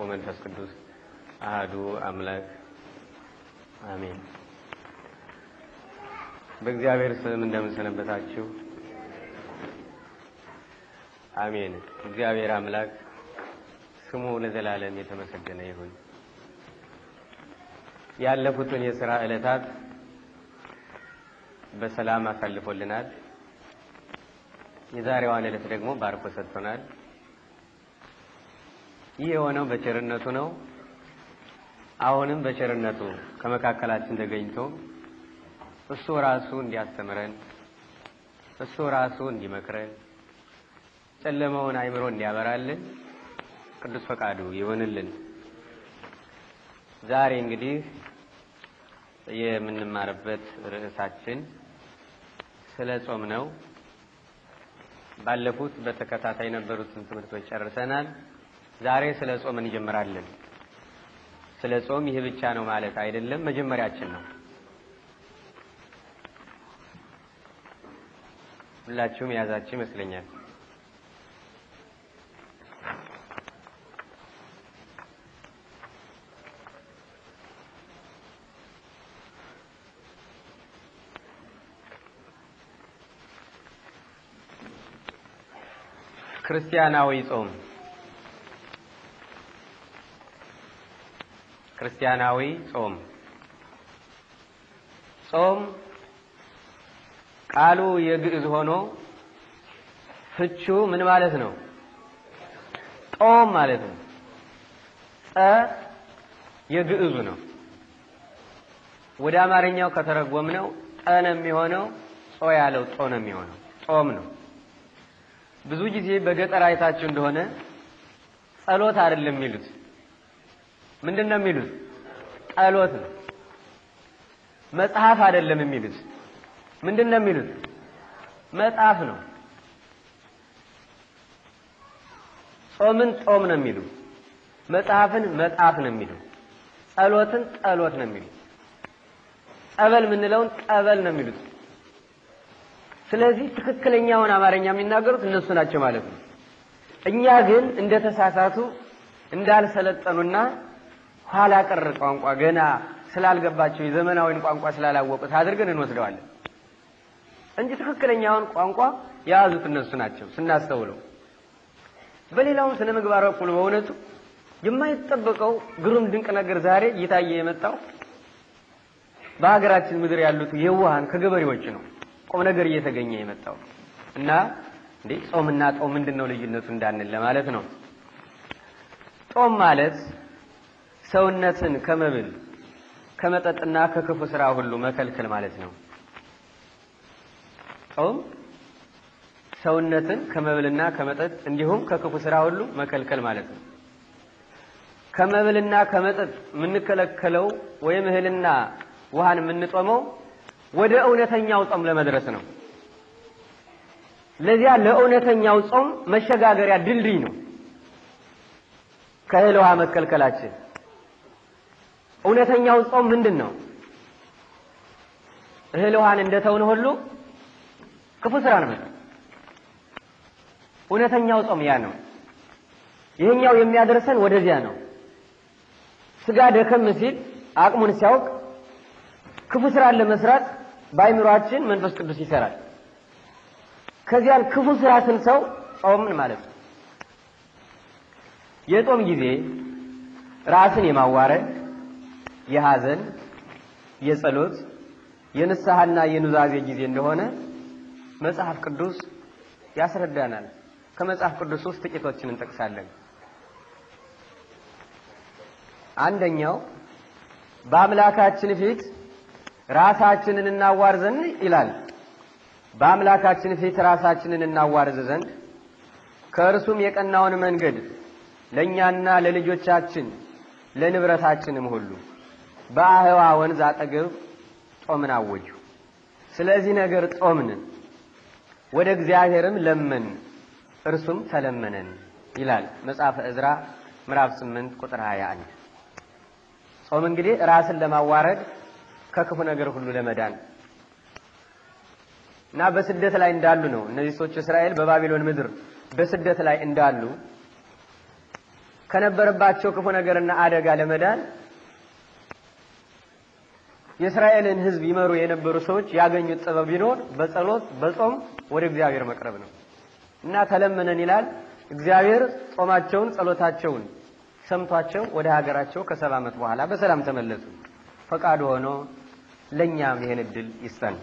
ወመንፈስ ቅዱስ አህዱ አምላክ አሜን። በእግዚአብሔር ስም እንደምንሰነበታችሁ አሜን። እግዚአብሔር አምላክ ስሙ ለዘላለም የተመሰገነ ይሁን። ያለፉትን የሥራ ዕለታት በሰላም አሳልፎልናል። የዛሬዋን ዕለት ደግሞ ባርኮ ሰጥቶናል። ይህ የሆነው በቸርነቱ ነው። አሁንም በቸርነቱ ከመካከላችን ተገኝቶ እሱ ራሱ እንዲያስተምረን እሱ ራሱ እንዲመክረን ጨለመውን አይምሮ እንዲያበራልን ቅዱስ ፈቃዱ ይሆንልን። ዛሬ እንግዲህ የምንማርበት ርዕሳችን ስለ ጾም ነው። ባለፉት በተከታታይ የነበሩትን ትምህርቶች ጨርሰናል። ዛሬ ስለ ጾም እንጀምራለን። ስለ ጾም ይህ ብቻ ነው ማለት አይደለም፣ መጀመሪያችን ነው። ሁላችሁም የያዛችሁ ይመስለኛል። ክርስቲያናዊ ጾም ክርስቲያናዊ ጾም ጾም ቃሉ የግዕዝ ሆኖ ፍቹ ምን ማለት ነው? ጦም ማለት ነው። ጸ የግዕዙ ነው። ወደ አማርኛው ከተረጎም ነው ጠ ነው የሚሆነው። ጾ ያለው ጾ ነው የሚሆነው። ጾም ነው። ብዙ ጊዜ በገጠር አይታችሁ እንደሆነ ጸሎት አይደለም የሚሉት ምንድን ነው የሚሉት? ጸሎት ነው። መጽሐፍ አይደለም የሚሉት። ምንድን ነው የሚሉት? መጽሐፍ ነው። ጾምን ጾም ነው የሚሉ፣ መጽሐፍን መጽሐፍ ነው የሚሉ፣ ጸሎትን ጸሎት ነው የሚሉ፣ ጸበል የምንለውን ጸበል ነው የሚሉት። ስለዚህ ትክክለኛውን አማርኛ የሚናገሩት እነሱ ናቸው ማለት ነው። እኛ ግን እንደተሳሳቱ እንዳልሰለጠኑና ኋላ ቀር ቋንቋ ገና ስላልገባቸው የዘመናዊን ቋንቋ ስላላወቁት አድርገን እንወስደዋለን እንጂ ትክክለኛውን ቋንቋ የያዙት እነሱ ናቸው ስናስተውለው። በሌላውም ስነ ምግባር በኩል በእውነቱ የማይጠበቀው ግሩም ድንቅ ነገር ዛሬ እየታየ የመጣው በሀገራችን ምድር ያሉት የዋሃን ከገበሬዎች ነው ቁም ነገር እየተገኘ የመጣው እና እንዴ ጾምና ጦም ምንድን ነው ልዩነቱ እንዳንል ለማለት ነው። ጦም ማለት ሰውነትን ከመብል ከመጠጥና ከክፉ ስራ ሁሉ መከልከል ማለት ነው። ጾም ሰውነትን ከመብልና ከመጠጥ እንዲሁም ከክፉ ስራ ሁሉ መከልከል ማለት ነው። ከመብልና ከመጠጥ የምንከለከለው ወይም እህልና ውሃን የምንጾመው ወደ እውነተኛው ጾም ለመድረስ ነው። ለዚያ ለእውነተኛው ጾም መሸጋገሪያ ድልድይ ነው ከእህል ውሃ መከልከላችን እውነተኛው ጾም ምንድን ነው? እህል ውሃን እንደተውን ሁሉ ክፉ ስራን መተው። እውነተኛው ጾም ያ ነው። ይህኛው የሚያደርሰን ወደዚያ ነው። ስጋ ደከም ሲል አቅሙን ሲያውቅ ክፉ ስራን ለመስራት በአይምሯችን መንፈስ ቅዱስ ይሰራል። ከዚያን ክፉ ስራ ስንሰው ጾምን ማለት ነው። የጾም ጊዜ ራስን የማዋረድ የሐዘን፣ የጸሎት፣ የንስሐና የኑዛዜ ጊዜ እንደሆነ መጽሐፍ ቅዱስ ያስረዳናል። ከመጽሐፍ ቅዱስ ውስጥ ጥቂቶችን እንጠቅሳለን። አንደኛው በአምላካችን ፊት ራሳችንን እናዋርዘን ይላል። በአምላካችን ፊት ራሳችንን እናዋርዝ ዘንድ ከእርሱም የቀናውን መንገድ ለእኛና ለልጆቻችን ለንብረታችንም ሁሉ በአህዋ ወንዝ አጠገብ ጾምን አወጁ። ስለዚህ ነገር ጾምን፣ ወደ እግዚአብሔርም ለመን፣ እርሱም ተለመነን ይላል መጽሐፈ እዝራ ምዕራፍ 8 ቁጥር 21። ጾም እንግዲህ ራስን ለማዋረድ ከክፉ ነገር ሁሉ ለመዳን እና በስደት ላይ እንዳሉ ነው። እነዚህ ሰዎች እስራኤል በባቢሎን ምድር በስደት ላይ እንዳሉ ከነበረባቸው ክፉ ነገርና አደጋ ለመዳን የእስራኤልን ሕዝብ ይመሩ የነበሩ ሰዎች ያገኙት ጥበብ ቢኖር በጸሎት በጾም ወደ እግዚአብሔር መቅረብ ነው እና ተለመነን ይላል። እግዚአብሔር ጾማቸውን ጸሎታቸውን ሰምቷቸው ወደ ሀገራቸው ከሰባ ዓመት በኋላ በሰላም ተመለሱ። ፈቃዱ ሆኖ ለእኛም ይሄን እድል ይስጠን።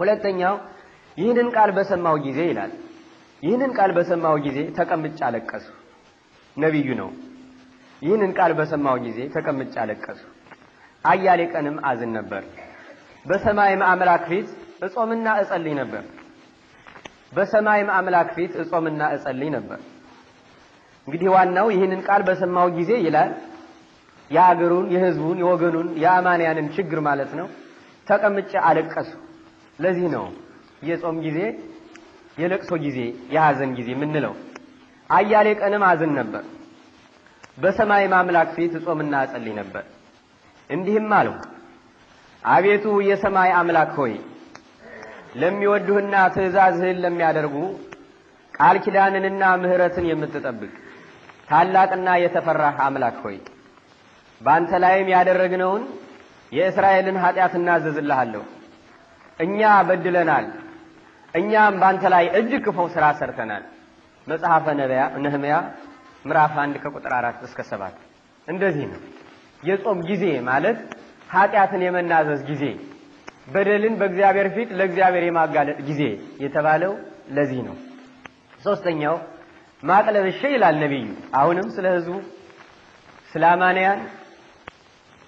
ሁለተኛው ይህንን ቃል በሰማው ጊዜ ይላል ይህንን ቃል በሰማው ጊዜ ተቀምጬ አለቀሱ። ነቢዩ ነው። ይህንን ቃል በሰማው ጊዜ ተቀምጬ አለቀሱ። አያሌ ቀንም አዝን ነበር። በሰማይም አምላክ ፊት እጾምና እጸልይ ነበር። በሰማይም አምላክ ፊት እጾምና እጸልይ ነበር። እንግዲህ ዋናው ይህንን ቃል በሰማው ጊዜ ይላል የሀገሩን፣ የህዝቡን የወገኑን፣ የአማንያንን ችግር ማለት ነው ተቀምጬ አለቀሱ። ለዚህ ነው የጾም ጊዜ የለቅሶ ጊዜ የሐዘን ጊዜ የምንለው። አያሌ ቀንም አዝን ነበር። በሰማይም አምላክ ፊት እጾምና እጸልይ ነበር። እንዲህም አለው፣ አቤቱ የሰማይ አምላክ ሆይ ለሚወዱህና ትእዛዝህን ለሚያደርጉ ቃል ኪዳንንና ምሕረትን የምትጠብቅ ታላቅና የተፈራህ አምላክ ሆይ በአንተ ላይም ያደረግነውን የእስራኤልን ኃጢአት እናዘዝልሃለሁ። እኛ በድለናል፣ እኛም በአንተ ላይ እጅግ ክፉ ሥራ ሰርተናል። መጽሐፈ ነህምያ ምዕራፍ አንድ ከቁጥር አራት እስከ ሰባት እንደዚህ ነው። የጾም ጊዜ ማለት ኃጢአትን የመናዘዝ ጊዜ፣ በደልን በእግዚአብሔር ፊት ለእግዚአብሔር የማጋለጥ ጊዜ የተባለው ለዚህ ነው። ሶስተኛው ማቅለብ ይላል ነቢዩ። አሁንም ስለ ህዝቡ ስለ አማንያን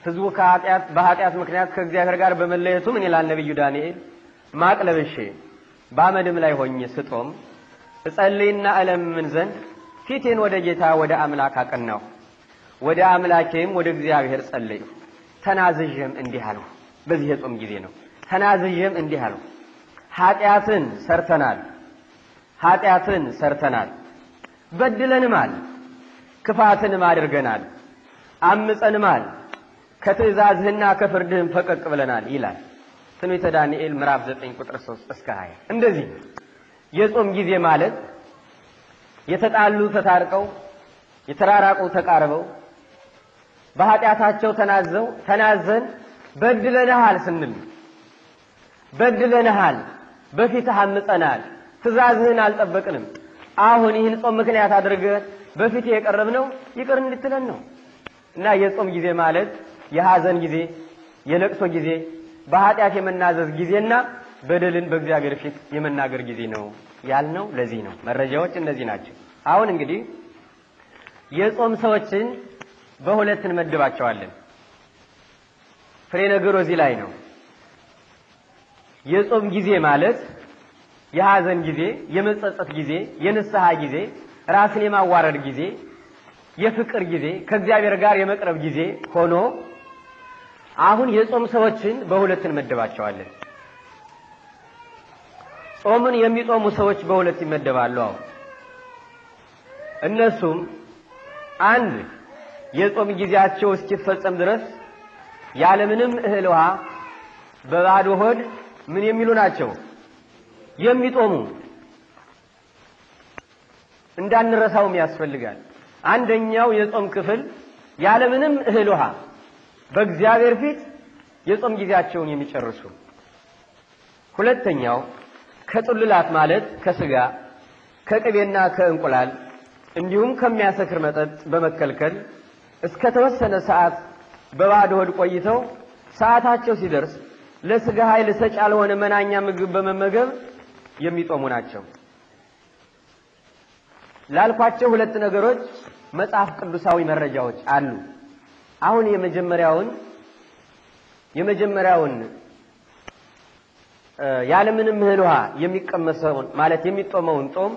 ህዝቡ ከኃጢአት በኃጢአት ምክንያት ከእግዚአብሔር ጋር በመለየቱ ምን ይላል ነቢዩ ዳንኤል? ማቅለብ በአመድም ላይ ሆኜ ስጦም እጸልይና እለምን ዘንድ ፊቴን ወደ ጌታ ወደ አምላክ አቀናሁ ወደ አምላኬም ወደ እግዚአብሔር ጸለይሁ፣ ተናዝዤም እንዲህ አልሁ። በዚህ የጾም ጊዜ ነው። ተናዝዤም እንዲህ አልሁ፣ ኃጢአትን ሰርተናል፣ ኃጢአትን ሰርተናል፣ በድለንማል፣ ክፋትንም አድርገናል፣ አምፀንማል፣ ከትእዛዝህና ከፍርድህም ፈቀቅ ብለናል ይላል ትንቢተ ዳንኤል ምዕራፍ 9 ቁጥር 3 እስከ 20። እንደዚህ የጾም ጊዜ ማለት የተጣሉ ተታርቀው የተራራቁ ተቃርበው በኃጢአታቸው ተናዘው ተናዘን በድለንሃል ስንል በድለንሃል፣ በፊትህ አምፀናል፣ ትእዛዝህን አልጠበቅንም። አሁን ይህን ጾም ምክንያት አድርገ በፊት የቀረብነው ይቅር እንድትለን ነው እና የጾም ጊዜ ማለት የሐዘን ጊዜ፣ የለቅሶ ጊዜ፣ በኃጢአት የመናዘዝ ጊዜና በደልን በእግዚአብሔር ፊት የመናገር ጊዜ ነው ያልነው ለዚህ ነው። መረጃዎች እነዚህ ናቸው። አሁን እንግዲህ የጾም ሰዎችን በሁለት እንመድባቸዋለን። ፍሬ ነገሩ እዚህ ላይ ነው። የጾም ጊዜ ማለት የሐዘን ጊዜ፣ የመጸጸት ጊዜ፣ የንስሐ ጊዜ፣ ራስን የማዋረድ ጊዜ፣ የፍቅር ጊዜ፣ ከእግዚአብሔር ጋር የመቅረብ ጊዜ ሆኖ አሁን የጾም ሰዎችን በሁለት እንመድባቸዋለን። ጾምን የሚጾሙ ሰዎች በሁለት ይመደባሉ። አሁን እነሱም አንድ የጾም ጊዜያቸው እስኪፈጸም ድረስ ያለምንም እህል ውሃ በባዶ ሆድ ምን የሚሉ ናቸው የሚጦሙ። እንዳንረሳውም ያስፈልጋል። አንደኛው የጾም ክፍል ያለምንም እህል ውሃ በእግዚአብሔር ፊት የጾም ጊዜያቸውን የሚጨርሱ። ሁለተኛው ከጥሉላት ማለት ከስጋ ከቅቤና ከእንቁላል እንዲሁም ከሚያሰክር መጠጥ በመከልከል እስከ ተወሰነ ሰዓት በባዶ ሆድ ቆይተው ሰዓታቸው ሲደርስ ለስጋ ኃይል ሰጭ ያልሆነ መናኛ ምግብ በመመገብ የሚጦሙ ናቸው። ላልኳቸው ሁለት ነገሮች መጽሐፍ ቅዱሳዊ መረጃዎች አሉ። አሁን የመጀመሪያውን የመጀመሪያውን ያለምንም እህል ውሃ የሚቀመሰውን ማለት የሚጦመውን ጾም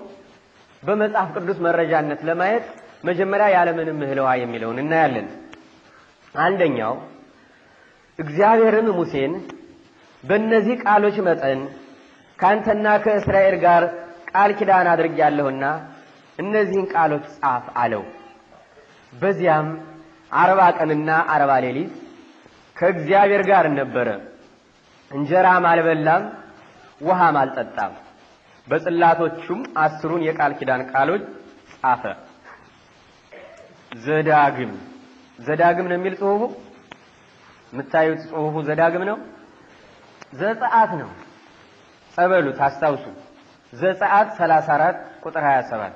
በመጽሐፍ ቅዱስ መረጃነት ለማየት መጀመሪያ ያለምንም እህል ውሃ የሚለውን እናያለን። አንደኛው እግዚአብሔርም ሙሴን በእነዚህ ቃሎች መጠን ካንተና ከእስራኤል ጋር ቃል ኪዳን አድርጌያለሁና እነዚህን ቃሎች ጻፍ አለው። በዚያም አርባ ቀንና አርባ ሌሊት ከእግዚአብሔር ጋር ነበረ። እንጀራም አልበላም፣ ውሃም አልጠጣም። በጽላቶቹም አስሩን የቃል ኪዳን ቃሎች ጻፈ። ዘዳግም ዘዳግም ነው የሚል ጽሁፉ የምታዩት ጽሁፉ ዘዳግም ነው። ዘጸአት ነው ጸበሉ አስታውሱ። ዘጸአት 34 ቁጥር 27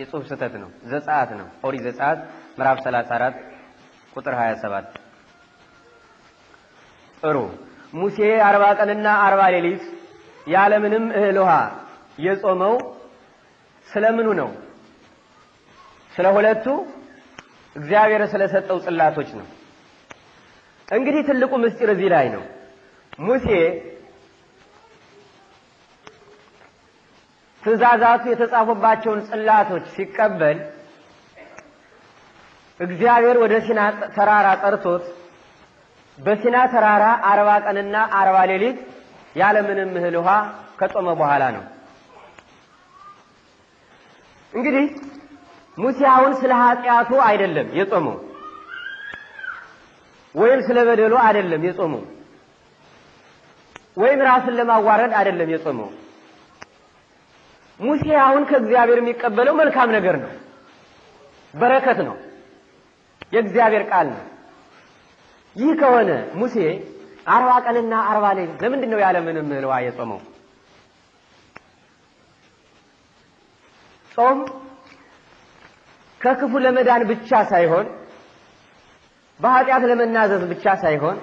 የጽሁፍ ስህተት ነው። ዘጸአት ነው። ኦሪ ዘጸአት ምዕራፍ 34 ቁጥር 27። ጥሩ ሙሴ አርባ ቀንና 40 ሌሊት ያለምንም እህል ውሃ የጾመው ስለምኑ ነው? ስለ ሁለቱ እግዚአብሔር ስለሰጠው ጽላቶች ነው። እንግዲህ ትልቁ ምስጢር እዚህ ላይ ነው። ሙሴ ትእዛዛቱ የተጻፉባቸውን ጽላቶች ሲቀበል እግዚአብሔር ወደ ሲና ተራራ ጠርቶት በሲና ተራራ አርባ ቀንና አርባ ሌሊት ምንም እህል ውሃ ከጾመ በኋላ ነው። እንግዲህ ሙሴ አሁን ስለ ኃጢአቱ አይደለም የጾመው ወይም ስለ በደሉ አይደለም የጾመው ወይም ራስን ለማዋረድ አይደለም የጾመው። ሙሴ አሁን ከእግዚአብሔር የሚቀበለው መልካም ነገር ነው፣ በረከት ነው፣ የእግዚአብሔር ቃል ነው። ይህ ከሆነ ሙሴ አርባ ቀንና አርባ ሌሊት ለምንድን ነው ያለ ምንም እህል ውሃ የጾመው? ጾም ከክፉ ለመዳን ብቻ ሳይሆን በኃጢአት ለመናዘዝ ብቻ ሳይሆን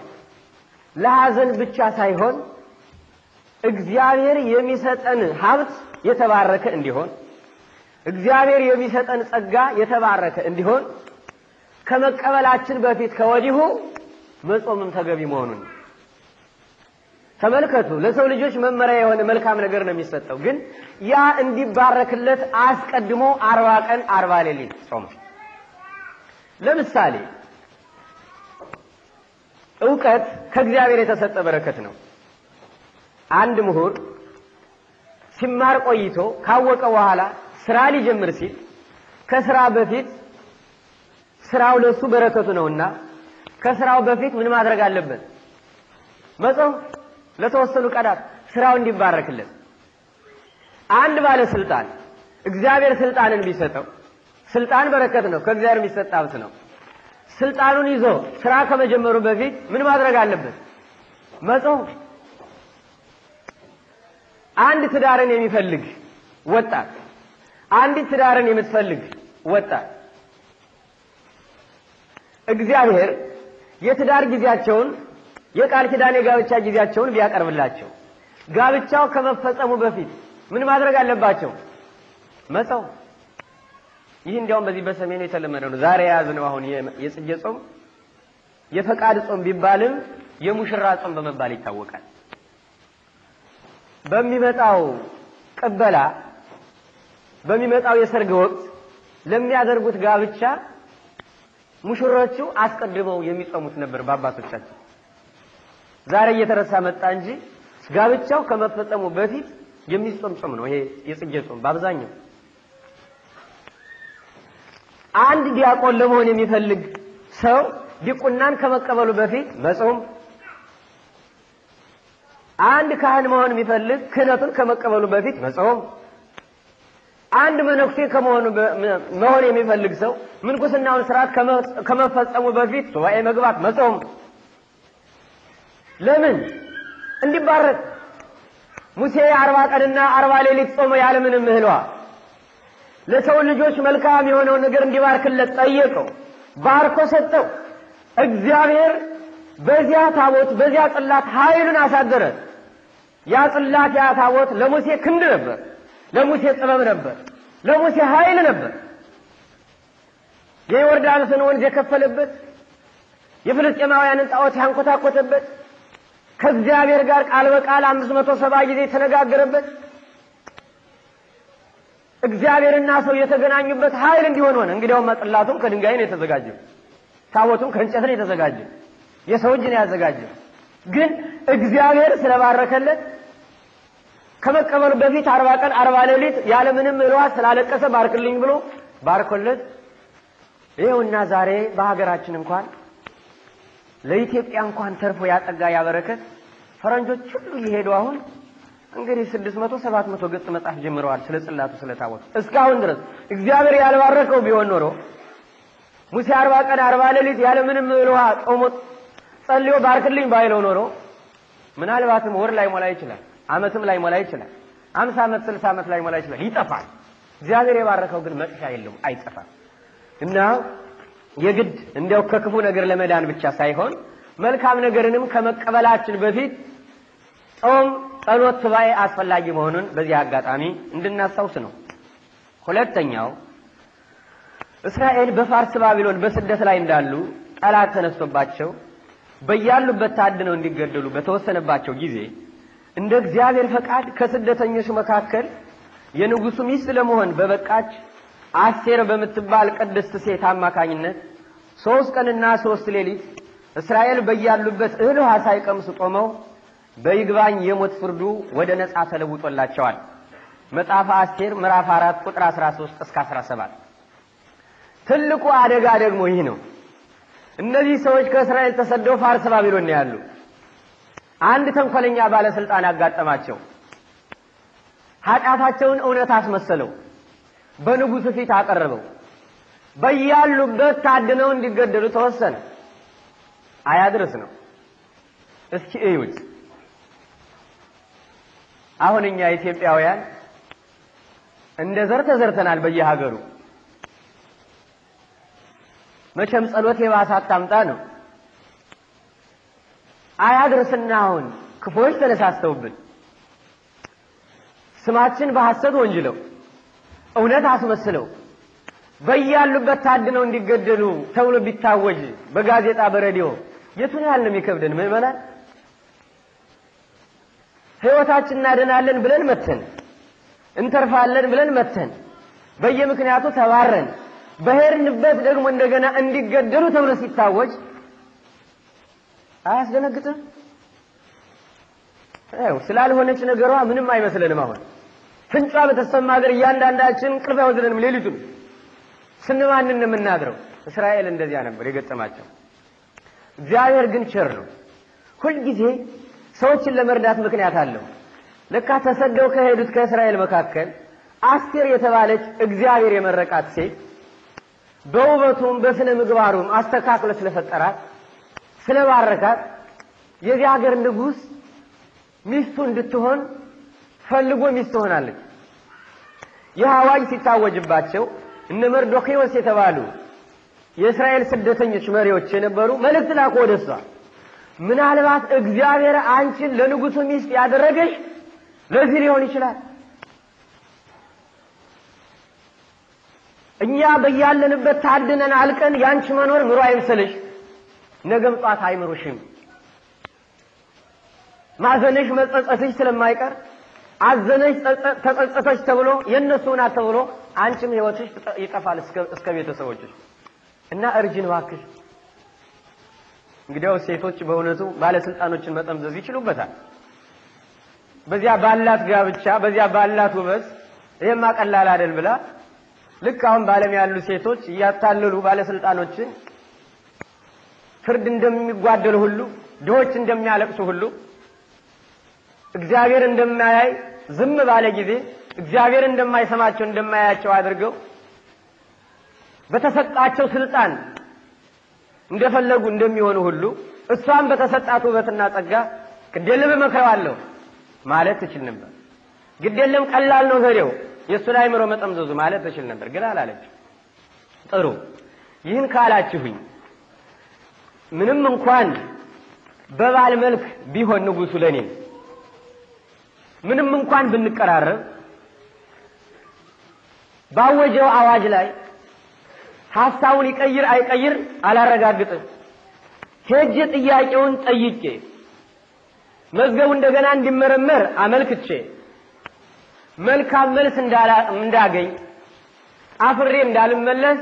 ለሐዘን ብቻ ሳይሆን እግዚአብሔር የሚሰጠን ሀብት የተባረከ እንዲሆን እግዚአብሔር የሚሰጠን ጸጋ የተባረከ እንዲሆን ከመቀበላችን በፊት ከወዲሁ መጾምም ተገቢ መሆኑን ነው። ተመልከቱ ለሰው ልጆች መመሪያ የሆነ መልካም ነገር ነው የሚሰጠው። ግን ያ እንዲባረክለት አስቀድሞ አርባ ቀን አርባ ሌሊት ጾመ። ለምሳሌ እውቀት ከእግዚአብሔር የተሰጠ በረከት ነው። አንድ ምሁር ሲማር ቆይቶ ካወቀ በኋላ ስራ ሊጀምር ሲል ከስራ በፊት ስራው ለሱ በረከቱ ነውና ከስራው በፊት ምን ማድረግ አለበት? መጾም ለተወሰኑ ቀናት ስራው እንዲባረክልን። አንድ ባለስልጣን እግዚአብሔር ስልጣንን ቢሰጠው ስልጣን በረከት ነው፣ ከእግዚአብሔር የሚሰጥ ሀብት ነው። ስልጣኑን ይዞ ስራ ከመጀመሩ በፊት ምን ማድረግ አለበት? መጾም። አንድ ትዳርን የሚፈልግ ወጣት፣ አንዲት ትዳርን የምትፈልግ ወጣት እግዚአብሔር የትዳር ጊዜያቸውን የቃል ኪዳን የጋብቻ ጊዜያቸውን ቢያቀርብላቸው ጋብቻው ከመፈጸሙ በፊት ምን ማድረግ አለባቸው? መጸው። ይህ እንዲያውም በዚህ በሰሜኑ የተለመደ ነው። ዛሬ የያዝነው አሁን የጽጌ ጾም የፈቃድ ጾም ቢባልም የሙሽራ ጾም በመባል ይታወቃል። በሚመጣው ቅበላ በሚመጣው የሰርግ ወቅት ለሚያደርጉት ጋብቻ ሙሽሮቹ አስቀድመው የሚጾሙት ነበር በአባቶቻቸው ዛሬ እየተረሳ መጣ እንጂ ጋብቻው ከመፈጸሙ በፊት የሚጾም ጾም ነው። ይሄ የጽጌ ጾም በአብዛኛው አንድ ዲያቆን ለመሆን የሚፈልግ ሰው ዲቁናን ከመቀበሉ በፊት መጾም፣ አንድ ካህን መሆን የሚፈልግ ክህነቱን ከመቀበሉ በፊት መጾም፣ አንድ መነኩሴ ከመሆኑ መሆን የሚፈልግ ሰው ምንኩስናውን ስርዓት ከመፈጸሙ በፊት ሱባኤ መግባት መጾም ለምን እንዲባረክ ሙሴ አርባ ቀንና አርባ ሌሊት ጾመ ያለምንም እህሏ ለሰው ልጆች መልካም የሆነውን ነገር እንዲባርክለት ጠየቀው። ባርኮ ሰጠው። እግዚአብሔር በዚያ ታቦት በዚያ ጽላት ኃይሉን አሳደረ። ያ ጽላት ያ ታቦት ለሙሴ ክንድ ነበር፣ ለሙሴ ጥበብ ነበር፣ ለሙሴ ኃይል ነበር። የዮርዳኖስን ወንዝ የከፈለበት፣ የፍልስጤማውያንን ጣዖት ያንኮታኮተበት ከእግዚአብሔር ጋር ቃል በቃል አምስት መቶ ሰባ ጊዜ የተነጋገረበት እግዚአብሔርና ሰው የተገናኙበት ኃይል እንዲሆን ሆነ። እንግዲያውም መጽላቱም ከድንጋይ ነው የተዘጋጀው፣ ታቦቱም ከእንጨት ነው የተዘጋጀው፣ የሰው እጅ ነው ያዘጋጀው። ግን እግዚአብሔር ስለባረከለት ከመቀበሉ በፊት አርባ ቀን አርባ ሌሊት ያለምንም እልዋት ስላለቀሰ ባርክልኝ ብሎ ባርኮለት ይኸውና ዛሬ በሀገራችን እንኳን ለኢትዮጵያ እንኳን ተርፎ ያጸጋ ያበረከት ፈረንጆች ሁሉ እየሄዱ አሁን እንግዲህ ስድስት መቶ ሰባት መቶ ገጽ መጽሐፍ ጀምረዋል። ስለ ጽላቱ ስለ ታቦቱ እስካሁን ድረስ እግዚአብሔር ያልባረከው ቢሆን ኖሮ ሙሴ አርባ ቀን አርባ ሌሊት ያለ ምንም እህል ውሃ ጾሞ ጸልዮ ባርክልኝ ባይለው ኖሮ ምናልባትም ወር ላይ ሞላ ይችላል፣ አመትም ላይ ሞላ ይችላል፣ አምሳ ዓመት ስልሳ ዓመት ላይ ሞላ ይችላል፣ ይጠፋል። እግዚአብሔር የባረከው ግን መጥፊያ የለውም፣ አይጠፋም እና የግድ እንዲያው ከክፉ ነገር ለመዳን ብቻ ሳይሆን መልካም ነገርንም ከመቀበላችን በፊት ጾም፣ ጸሎት፣ ትባኤ አስፈላጊ መሆኑን በዚህ አጋጣሚ እንድናስታውስ ነው። ሁለተኛው እስራኤል በፋርስ ባቢሎን በስደት ላይ እንዳሉ ጠላት ተነስቶባቸው በያሉበት ታድነው እንዲገደሉ በተወሰነባቸው ጊዜ እንደ እግዚአብሔር ፈቃድ ከስደተኞች መካከል የንጉሱ ሚስት ለመሆን በበቃች አሴር በምትባል ቅድስት ሴት አማካኝነት ሶስት ቀንና ሶስት ሌሊት እስራኤል በያሉበት እህል ውሃ ሳይቀምሱ ጾመው በይግባኝ የሞት ፍርዱ ወደ ነጻ ተለውጦላቸዋል። መጽሐፈ አስቴር ምዕራፍ 4 ቁጥር 13 እስከ 17። ትልቁ አደጋ ደግሞ ይህ ነው። እነዚህ ሰዎች ከእስራኤል ተሰደው ፋርስ ባቢሎን ነው ያሉ። አንድ ተንኮለኛ ባለስልጣን አጋጠማቸው። ኃጢአታቸውን እውነት አስመሰለው። በንጉሥ ፊት አቀረበው። በያሉበት ታድነው እንዲገደሉ ተወሰነ። አያድርስ ነው። እስኪ እዩት። አሁን እኛ ኢትዮጵያውያን እንደ ዘር ተዘርተናል በየሀገሩ። መቼም ጸሎት የባሰ አታምጣ ነው። አያድርስና አሁን ክፎች ተነሳስተውብን ስማችን በሐሰት ወንጅለው እውነት አስመስለው በያሉበት ታድነው እንዲገደሉ ተብሎ ቢታወጅ በጋዜጣ በሬዲዮ የቱን ያህል ነው የሚከብደን? ምዕመናን ህይወታችን እናድናለን ብለን መተን እንተርፋለን ብለን መተን በየምክንያቱ ተባረን በሄድንበት ደግሞ እንደገና እንዲገደሉ ተብሎ ሲታወጅ አያስደነግጥም? ስላልሆነች ነገሯ ምንም አይመስለንም አሁን ፍንጫ በተሰማ ሀገር እያንዳንዳችን እንቅልፍ አይወስደንም። ሌሊቱን ስንባንን የምናድረው እስራኤል እንደዚያ ነበር የገጠማቸው። እግዚአብሔር ግን ቸር ነው። ሁልጊዜ ሰዎችን ለመርዳት ምክንያት አለው። ለካ ተሰደው ከሄዱት ከእስራኤል መካከል አስቴር የተባለች እግዚአብሔር የመረቃት ሴት በውበቱም በስነ ምግባሩም አስተካክሎ ስለፈጠራት ስለባረካት የዚህ ሀገር ንጉሥ ሚስቱ እንድትሆን ፈልጎ ሚስት ሆናለች። ይህ አዋጅ ሲታወጅባቸው እነ መርዶኪዎስ የተባሉ የእስራኤል ስደተኞች መሪዎች የነበሩ መልእክት ላኩ ወደ እሷ። ምናልባት እግዚአብሔር አንቺን ለንጉሱ ሚስት ያደረገሽ ለዚህ ሊሆን ይችላል። እኛ በያለንበት ታድነን አልቀን ያንቺ መኖር ምሮ አይምሰልሽ፣ ነገም ጧት አይምሩሽም ማዘንሽ መጸጸትሽ ስለማይቀር አዘነች ተጸጸተች ተብሎ የእነሱ ናት ተብሎ አንቺም ህይወትሽ ይጠፋል እስከ ቤተሰቦችሽ እና እርጅን እባክሽ። እንግዲያው ሴቶች በእውነቱ ባለስልጣኖችን መጠምዘዝ ይችሉበታል። በዚያ ባላት ጋብቻ፣ በዚያ ባላት ውበት ይሄማ ቀላል አይደል ብላ ልክ አሁን በዓለም ያሉ ሴቶች እያታለሉ ባለስልጣኖችን ፍርድ እንደሚጓደሉ ሁሉ ድሆች እንደሚያለቅሱ ሁሉ እግዚአብሔር እንደማያይ ዝም ባለ ጊዜ እግዚአብሔር እንደማይሰማቸው እንደማያያቸው አድርገው በተሰጣቸው ስልጣን እንደፈለጉ እንደሚሆኑ ሁሉ እሷን በተሰጣት ውበትና ጸጋ ግዴለም እመክረዋለሁ ማለት ትችል ነበር። ግዴለም ቀላል ነው ዘዴው የእሱን አይምሮ መጠምዘዙ ማለት ትችል ነበር፣ ግን አላለችው። ጥሩ ይህን ካላችሁኝ ምንም እንኳን በባል መልክ ቢሆን ንጉሱ ለኔም ምንም እንኳን ብንቀራረብ ባወጀው አዋጅ ላይ ሀሳቡን ይቀይር አይቀይር አላረጋግጥም። ሄጄ ጥያቄውን ጠይቄ መዝገቡ እንደገና እንዲመረመር አመልክቼ መልካም መልስ እንዳገኝ አፍሬ እንዳልመለስ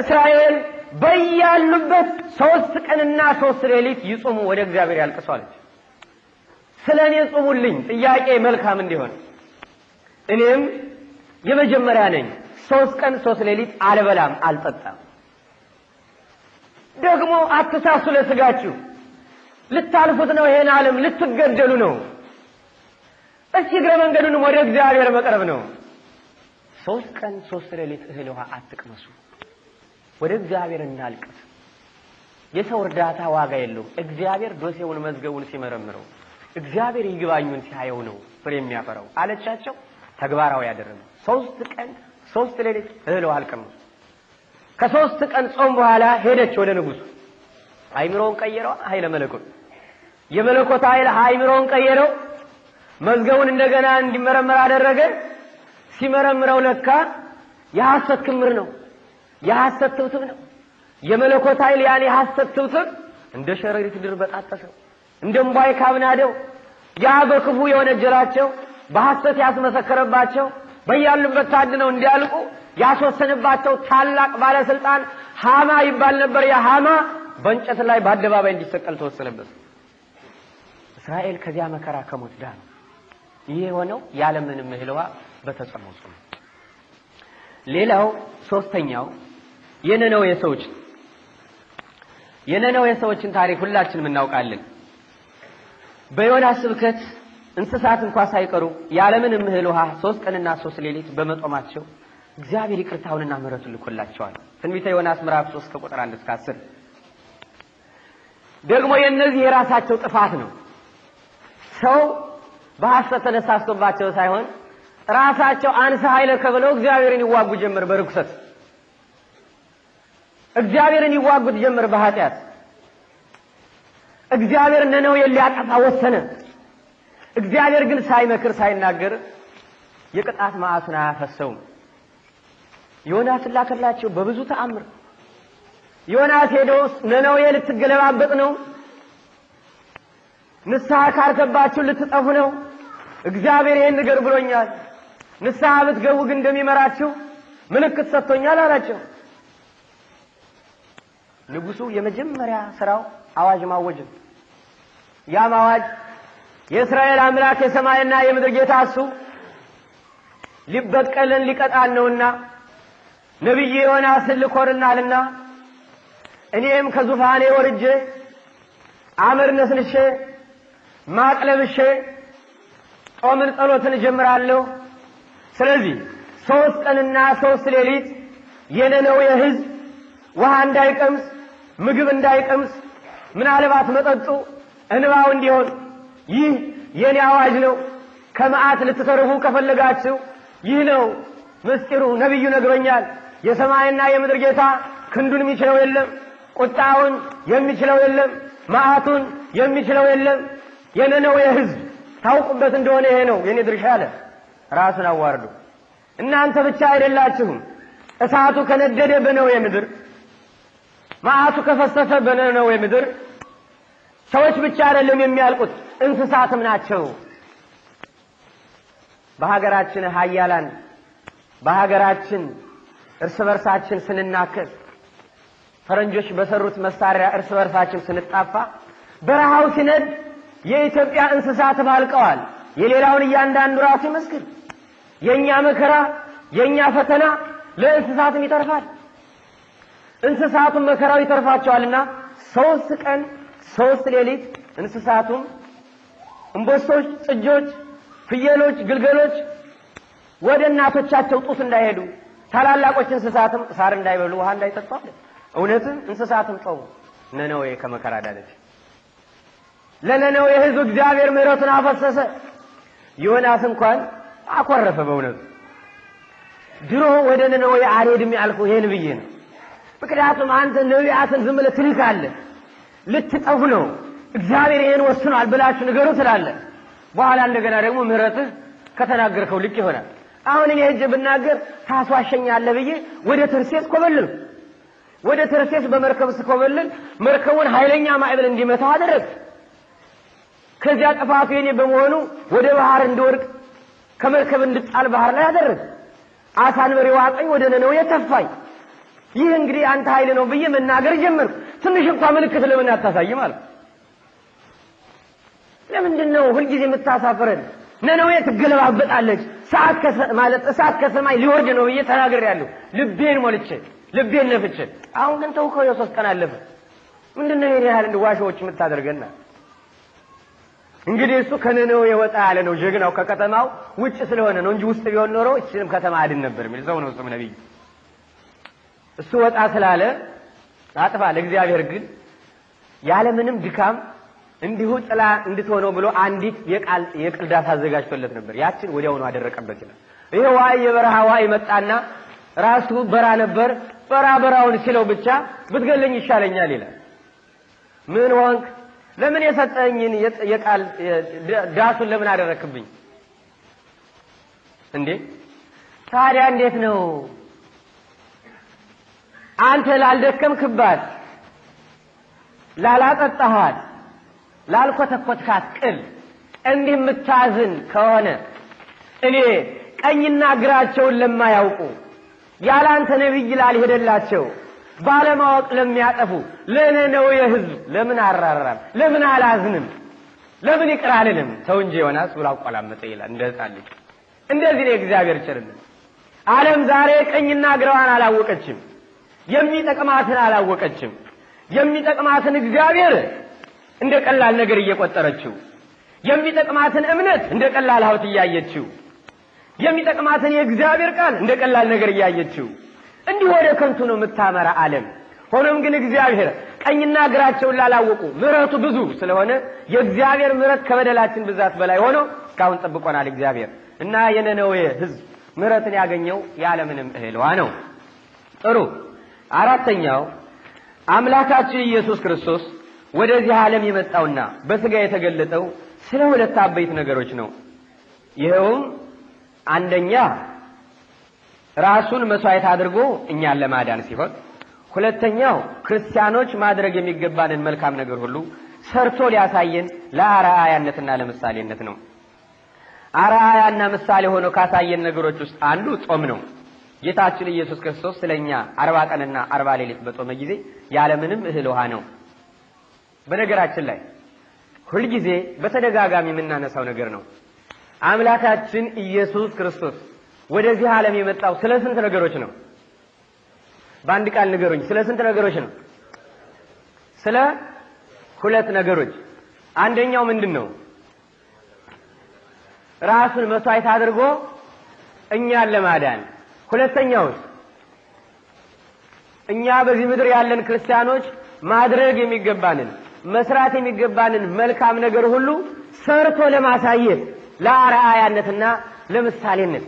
እስራኤል በያሉበት ሶስት ቀንና ሶስት ሌሊት ይጾሙ ወደ እግዚአብሔር ያልቅሷለች። ስለ እኔ ጹሙልኝ፣ ጥያቄ መልካም እንዲሆን። እኔም የመጀመሪያ ነኝ። ሶስት ቀን ሶስት ሌሊት አልበላም፣ አልጠጣም። ደግሞ አትሳሱ ለስጋችሁ፣ ልታልፉት ነው ይሄን ዓለም ልትገደሉ ነው። እስኪ እግረ መንገዱንም ወደ እግዚአብሔር መቅረብ ነው። ሶስት ቀን ሶስት ሌሊት እህል ውሃ አትቅመሱ፣ ወደ እግዚአብሔር እናልቅት የሰው እርዳታ ዋጋ የለውም። እግዚአብሔር ዶሴውን መዝገቡን ሲመረምረው እግዚአብሔር ይግባኙን ሲያየው ነው ፍሬ የሚያፈራው አለቻቸው። ተግባራዊ ያደረገ ሶስት ቀን ሶስት ሌሊት እህል አልቀመሱ። ከሶስት ቀን ጾም በኋላ ሄደች ወደ ንጉሱ። አይምሮውን ቀየረው። ኃይለ መለኮት የመለኮት ኃይል አይምሮውን ቀየረው። መዝገቡን እንደገና እንዲመረመር አደረገ። ሲመረምረው ለካ የሐሰት ክምር ነው፣ የሐሰት ትብትብ ነው። የመለኮት ኃይል ያን የሐሰት ትብትብ እንደ ሸረሪት ድር በጣጠሰው። እንደም ባይ ካብናደው ያ በክፉ የወነጀላቸው በሐሰት ያስመሰከረባቸው በያሉበት ታድነው እንዲያልቁ ያስወሰንባቸው ታላቅ ባለስልጣን ሃማ ይባል ነበር። ያ ሃማ በእንጨት ላይ በአደባባይ እንዲሰቀል ተወሰነበት። እስራኤል ከዚያ መከራ ከሞት ዳኑ። ይህ የሆነው ያለምንም እህልዋ በተጸሙት ነው። ሌላው ሶስተኛው የነነው ሰዎች የነነው ሰዎችን ታሪክ ሁላችንም እናውቃለን። በዮና ስብከት እንስሳት እንኳ ሳይቀሩ የዓለምን እምህል ውሃ ሶስት ቀንና ሶስት ሌሊት በመጦማቸው እግዚአብሔር ይቅርታውንና ምሕረቱን ልኮላቸዋል። ትንቢተ ዮናስ ምዕራፍ 3 ከቁጥር 1 እስከ 10 ደግሞ የእነዚህ የራሳቸው ጥፋት ነው። ሰው በሐሰት ተነሳስቶባቸው ሳይሆን ራሳቸው አንስ ኃይለ ከብለው እግዚአብሔርን ይዋጉ ጀመር በርኩሰት እግዚአብሔርን ይዋጉት ጀመር በኃጢአት እግዚአብሔር ነነዌን ሊያጠፋ ወሰነ። እግዚአብሔር ግን ሳይመክር ሳይናገር የቅጣት መዓቱን አያፈሰውም። ዮናስ ላከላቸው በብዙ ተአምር። ዮናስ ሄዶ ነነዌ ልትገለባበጥ ነው፣ ንስሐ ካልገባችሁ ልትጠፉ ነው፣ እግዚአብሔር ይሄን ነገር ብሎኛል፣ ንስሐ ብትገቡ ግን እንደሚመራችሁ ምልክት ሰጥቶኛል አላቸው። ንጉሱ የመጀመሪያ ስራው አዋጅ ማወጅ ነው። ያም አዋጅ የእስራኤል አምላክ የሰማይና የምድር ጌታ እሱ ሊበቀልን ሊቀጣን ነውና ነቢዬ ዮናስን ልኮርናልና እኔም ከዙፋኔ ወርጄ አመድ ነስንሼ ማቅ ለብሼ ጾምን ጸሎትን እጀምራለሁ። ስለዚህ ሶስት ቀንና ሶስት ሌሊት የነነው የህዝብ ውሃ እንዳይቀምስ ምግብ እንዳይቀምስ ምናልባት መጠጡ እንባው እንዲሆን ይህ የኔ አዋጅ ነው፣ ከመዓት ልትተርፉ ከፈለጋችሁ ይህ ነው ምስጢሩ። ነቢዩ ነግሮኛል። የሰማይና የምድር ጌታ ክንዱን የሚችለው የለም፣ ቁጣውን የሚችለው የለም፣ መዓቱን የሚችለው የለም። የነነዌ ሕዝብ ታውቁበት እንደሆነ ይሄ ነው የኔ ድርሻ አለ። ራሱን አዋርዶ እናንተ ብቻ አይደላችሁም። እሳቱ ከነደደ በነዌ ምድር መዓቱ ከፈሰሰ በነነዌ ምድር ሰዎች ብቻ አይደለም የሚያልቁት፣ እንስሳትም ናቸው። በሀገራችን ሀያላን በሀገራችን እርስ በርሳችን ስንናከስ፣ ፈረንጆች በሰሩት መሳሪያ እርስ በርሳችን ስንጣፋ፣ በረሃው ሲነድ የኢትዮጵያ እንስሳት ባልቀዋል። የሌላውን እያንዳንዱ ራሱ ይመስክር። የእኛ መከራ የእኛ ፈተና ለእንስሳትም ይተርፋል። እንስሳቱም መከራው ይተርፋቸዋልና ሶስት ቀን ሶስት ሌሊት እንስሳቱም እንቦሶች፣ ጥጆች፣ ፍየሎች፣ ግልገሎች ወደ እናቶቻቸው ጡት እንዳይሄዱ ታላላቆች እንስሳትም ሳር እንዳይበሉ ውሃ እንዳይጠጡ አለ። እውነትም እንስሳትም ጾሙ። ነነዌ ከመከራ ዳነች። ለነነዌ ሕዝብ እግዚአብሔር ምሕረቱን አፈሰሰ። ዮናስ እንኳን አኮረፈ። በእውነቱ ድሮ ወደ ነነዌ አልሄድም ያልኩ ይሄን ብዬ ነው ምክንያቱም አንተ ነቢያትን ዝም ብለህ ትልካለህ። ልትጠፉ ነው እግዚአብሔር ይህን ወስኗል ብላችሁ ንገሩ ትላለህ። በኋላ እንደገና ደግሞ ምህረትህ ከተናገርከው ልቅ ይሆናል። አሁን እኔ ሄጄ ብናገር ታስዋሸኛለህ ብዬ ወደ ተርሴስ ኮበልል። ወደ ተርሴስ በመርከብ ስኮበልል መርከቡን ኃይለኛ ማዕበል እንዲመታው አደረግ። ከዚያ ጥፋቱ የኔ በመሆኑ ወደ ባህር እንድወድቅ ከመርከብ እንድጣል ባህር ላይ አደረግ። አሳንበሬ ዋጠኝ፣ ወደ ነነዌ የተፋኝ ይህ እንግዲህ አንተ ኃይል ነው ብዬ መናገር ጀመርኩ። ትንሽ እንኳ ምልክት ለምን አታሳይም አለ። ለምንድን ነው ሁልጊዜ የምታሳፍረን? ነነዌ ትገለባበጣለች፣ ማለት እሳት ከሰማይ ሊወርድ ነው ብዬ ተናግሬያለሁ። ልቤን ሞልቼ ልቤን ነፍቼ። አሁን ግን ተውከው የሶስት ቀን አለፈ። ምንድን ነው ይሄን ያህል ዋሾዎች የምታደርገና? እንግዲህ እሱ ከነነዌ ወጣ ያለ ነው ጀግናው፣ ከከተማው ውጭ ስለሆነ ነው እንጂ ውስጥ ቢሆን ኖሮ ይችንም ከተማ አድን ነበር የሚል ሰው ነው እሱም ነቢይ እሱ ወጣ ስላለ አጥፋ ለእግዚአብሔር ግን ያለምንም ድካም እንዲሁ ጥላ እንድትሆነው ብሎ አንዲት የቃል የቅልዳስ አዘጋጅቶለት ነበር። ያችን ወዲያውኑ አደረቀበት ይላል። ይሄ ዋይ የበረሃ ዋይ መጣና ራሱ በራ ነበር። በራ በራውን ሲለው ብቻ ብትገለኝ ይሻለኛል ይላል። ምን ሆንክ? ለምን የሰጠኝን የቃል ዳሱን ለምን አደረክብኝ እንዴ? ታዲያ እንዴት ነው አንተ ላልደከምክባት፣ ላላጠጣሃት፣ ላልኮተኮትካት ቅል እንዲህ የምታዝን ከሆነ እኔ ቀኝና ግራቸውን ለማያውቁ ያላንተ ነቢይ ላልሄደላቸው ባለማወቅ ለሚያጠፉ ነው የህዝብ ለምን አራራም? ለምን አላዝንም? ለምን ይቅር አልልም? ተው እንጂ ዮናስ ብሎ አቆላመጠ ይላል እንደ ልጅ። እንደዚህ ነው የእግዚአብሔር ቸርነት። ዓለም ዛሬ ቀኝና ግራዋን አላወቀችም። የሚጠቅማትን አላወቀችም። የሚጠቅማትን እግዚአብሔር እንደ ቀላል ነገር እየቆጠረችው፣ የሚጠቅማትን እምነት እንደ ቀላል ሀውት እያየችው፣ የሚጠቅማትን የእግዚአብሔር ቃል እንደ ቀላል ነገር እያየችው እንዲህ ወደ ከንቱ ነው የምታመራ ዓለም። ሆኖም ግን እግዚአብሔር ቀኝና እግራቸውን ላላወቁ ምሕረቱ ብዙ ስለሆነ የእግዚአብሔር ምሕረት ከበደላችን ብዛት በላይ ሆኖ እስካሁን ጠብቆናል። እግዚአብሔር እና የነነዌ ሕዝብ ምሕረትን ያገኘው ያለምንም እህልዋ ነው። ጥሩ አራተኛው አምላካችን ኢየሱስ ክርስቶስ ወደዚህ ዓለም የመጣውና በስጋ የተገለጠው ስለ ሁለት አበይት ነገሮች ነው። ይኸውም አንደኛ ራሱን መስዋዕት አድርጎ እኛን ለማዳን ሲሆን፣ ሁለተኛው ክርስቲያኖች ማድረግ የሚገባንን መልካም ነገር ሁሉ ሰርቶ ሊያሳየን ለአርአያነትና ለምሳሌነት ነው። አርአያና ምሳሌ ሆኖ ካሳየን ነገሮች ውስጥ አንዱ ጾም ነው። ጌታችን ኢየሱስ ክርስቶስ ስለኛ አርባ ቀንና አርባ ሌሊት በጾመ ጊዜ ያለምንም እህል ውሃ ነው። በነገራችን ላይ ሁልጊዜ በተደጋጋሚ የምናነሳው ነገር ነው። አምላካችን ኢየሱስ ክርስቶስ ወደዚህ ዓለም የመጣው ስለ ስንት ነገሮች ነው? በአንድ ቃል ንገሩኝ። ስለ ስንት ነገሮች ነው? ስለ ሁለት ነገሮች። አንደኛው ምንድን ነው? ራሱን መስዋዕት አድርጎ እኛን ለማዳን ሁለተኛውስ እኛ በዚህ ምድር ያለን ክርስቲያኖች ማድረግ የሚገባንን መስራት የሚገባንን መልካም ነገር ሁሉ ሰርቶ ለማሳየት ለአርአያነትና ለምሳሌነት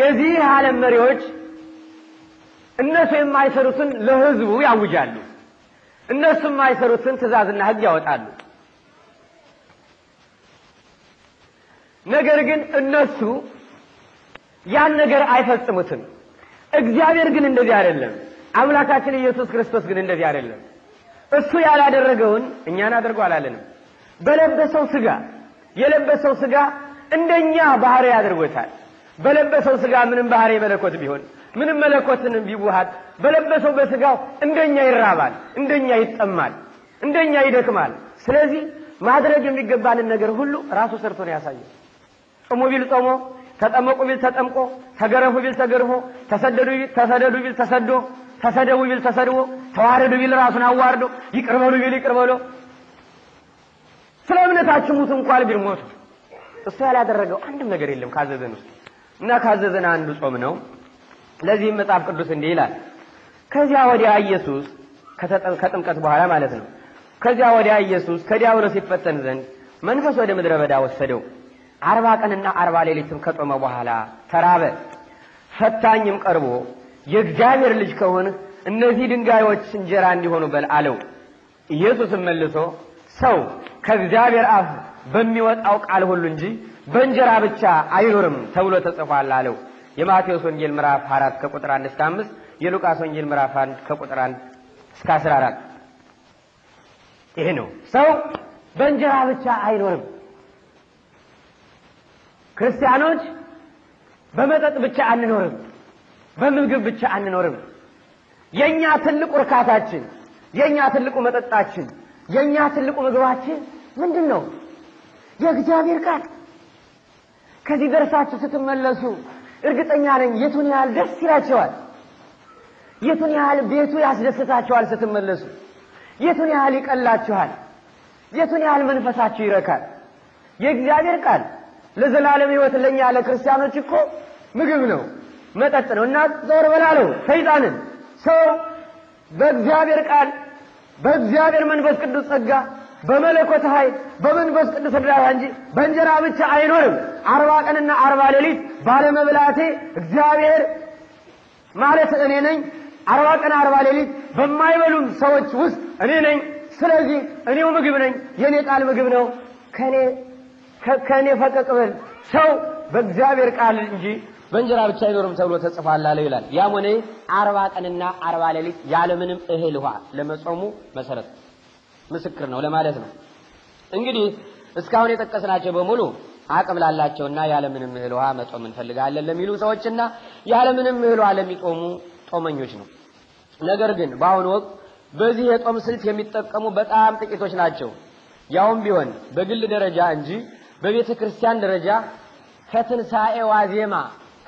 የዚህ ዓለም መሪዎች እነሱ የማይሰሩትን ለሕዝቡ ያውጃሉ። እነሱ የማይሰሩትን ትእዛዝና ሕግ ያወጣሉ። ነገር ግን እነሱ ያን ነገር አይፈጽሙትም። እግዚአብሔር ግን እንደዚህ አይደለም። አምላካችን ኢየሱስ ክርስቶስ ግን እንደዚህ አይደለም። እሱ ያላደረገውን እኛን አድርጎ አላለንም። በለበሰው ስጋ የለበሰው ስጋ እንደኛ ባህሪ አድርጎታል። በለበሰው ስጋ ምንም ባህሪ መለኮት ቢሆን ምንም መለኮትን ቢዋሃድ በለበሰው በስጋው እንደኛ ይራባል፣ እንደኛ ይጠማል፣ እንደኛ ይደክማል። ስለዚህ ማድረግ የሚገባንን ነገር ሁሉ ራሱ ሰርቶ ነው ያሳየው። ጾሞ ቢል ጾሞ ተጠመቁ ቢል ተጠምቆ፣ ተገረፉ ቢል ተገርፎ፣ ተሰደዱ ቢል ተሰደዱ ቢል ተሰዶ፣ ተሰደቡ ቢል ተሰድቦ፣ ተዋረዱ ቢል ራሱን አዋርዶ፣ ይቅርበሉ ቢል ይቅርበሉ። ስለ እምነታችን ሙት እንኳን ቢል ሞቱ። እሱ ያላደረገው አንድም ነገር የለም ካዘዘን ውስጥ እና ካዘዘን አንዱ ጾም ነው። ለዚህም መጽሐፍ ቅዱስ እንዲህ ይላል። ከዚያ ወዲያ ኢየሱስ ከጥምቀት በኋላ ማለት ነው። ከዚያ ወዲያ ኢየሱስ ከዲያብሎስ ይፈተን ዘንድ መንፈስ ወደ ምድረ በዳ ወሰደው። አርባ ቀንና አርባ ሌሊትም ከጾመ በኋላ ተራበ። ፈታኝም ቀርቦ የእግዚአብሔር ልጅ ከሆን እነዚህ ድንጋዮች እንጀራ እንዲሆኑ በል አለው። ኢየሱስም መልሶ ሰው ከእግዚአብሔር አፍ በሚወጣው ቃል ሁሉ እንጂ በእንጀራ ብቻ አይኖርም ተብሎ ተጽፏል አለው። የማቴዎስ ወንጌል ምዕራፍ 4 ከቁጥር 1 እስከ 5፣ የሉቃስ ወንጌል ምዕራፍ 1 ከቁጥር 1 እስከ 14። ይሄ ነው ሰው በእንጀራ ብቻ አይኖርም ክርስቲያኖች በመጠጥ ብቻ አንኖርም፣ በምግብ ብቻ አንኖርም። የኛ ትልቁ እርካታችን፣ የኛ ትልቁ መጠጣችን፣ የኛ ትልቁ ምግባችን ምንድን ነው? የእግዚአብሔር ቃል። ከዚህ ደርሳችሁ ስትመለሱ እርግጠኛ ነኝ የቱን ያህል ደስ ይላቸዋል፣ የቱን ያህል ቤቱ ያስደስታቸዋል ስትመለሱ የቱን ያህል ይቀላችኋል፣ የቱን ያህል መንፈሳችሁ ይረካል። የእግዚአብሔር ቃል ለዘላለም ህይወት ለኛ ለክርስቲያኖች እኮ ምግብ ነው፣ መጠጥ ነው። እና ዞር በላለው ሰይጣንን ሰው በእግዚአብሔር ቃል በእግዚአብሔር መንፈስ ቅዱስ ጸጋ በመለኮት ኃይል በመንፈስ ቅዱስ እርዳታ እንጂ በእንጀራ ብቻ አይኖርም። አርባ ቀንና አርባ ሌሊት ባለመብላቴ እግዚአብሔር ማለት እኔ ነኝ። አርባ ቀን አርባ ሌሊት በማይበሉም ሰዎች ውስጥ እኔ ነኝ። ስለዚህ እኔው ምግብ ነኝ። የእኔ ቃል ምግብ ነው ከኔ ከእኔ ፈቀቅ በል ሰው በእግዚአብሔር ቃል እንጂ በእንጀራ ብቻ አይኖርም ተብሎ ተጽፏል አለው ይላል። ያም ሆነ አርባ ቀንና አርባ ሌሊት ያለምንም እህል ውሃ ለመጾሙ መሰረት ምስክር ነው ለማለት ነው። እንግዲህ እስካሁን የጠቀስናቸው በሙሉ አቅም ላላቸውና ያለምንም እህል ውሃ መጾም እንፈልጋለን ለሚሉ ሰዎችና ያለምንም እህል ውሃ ለሚጾሙ ጾመኞች ነው። ነገር ግን በአሁኑ ወቅት በዚህ የጾም ስልት የሚጠቀሙ በጣም ጥቂቶች ናቸው። ያውም ቢሆን በግል ደረጃ እንጂ በቤተ ክርስቲያን ደረጃ ከትንሣኤ ዋዜማ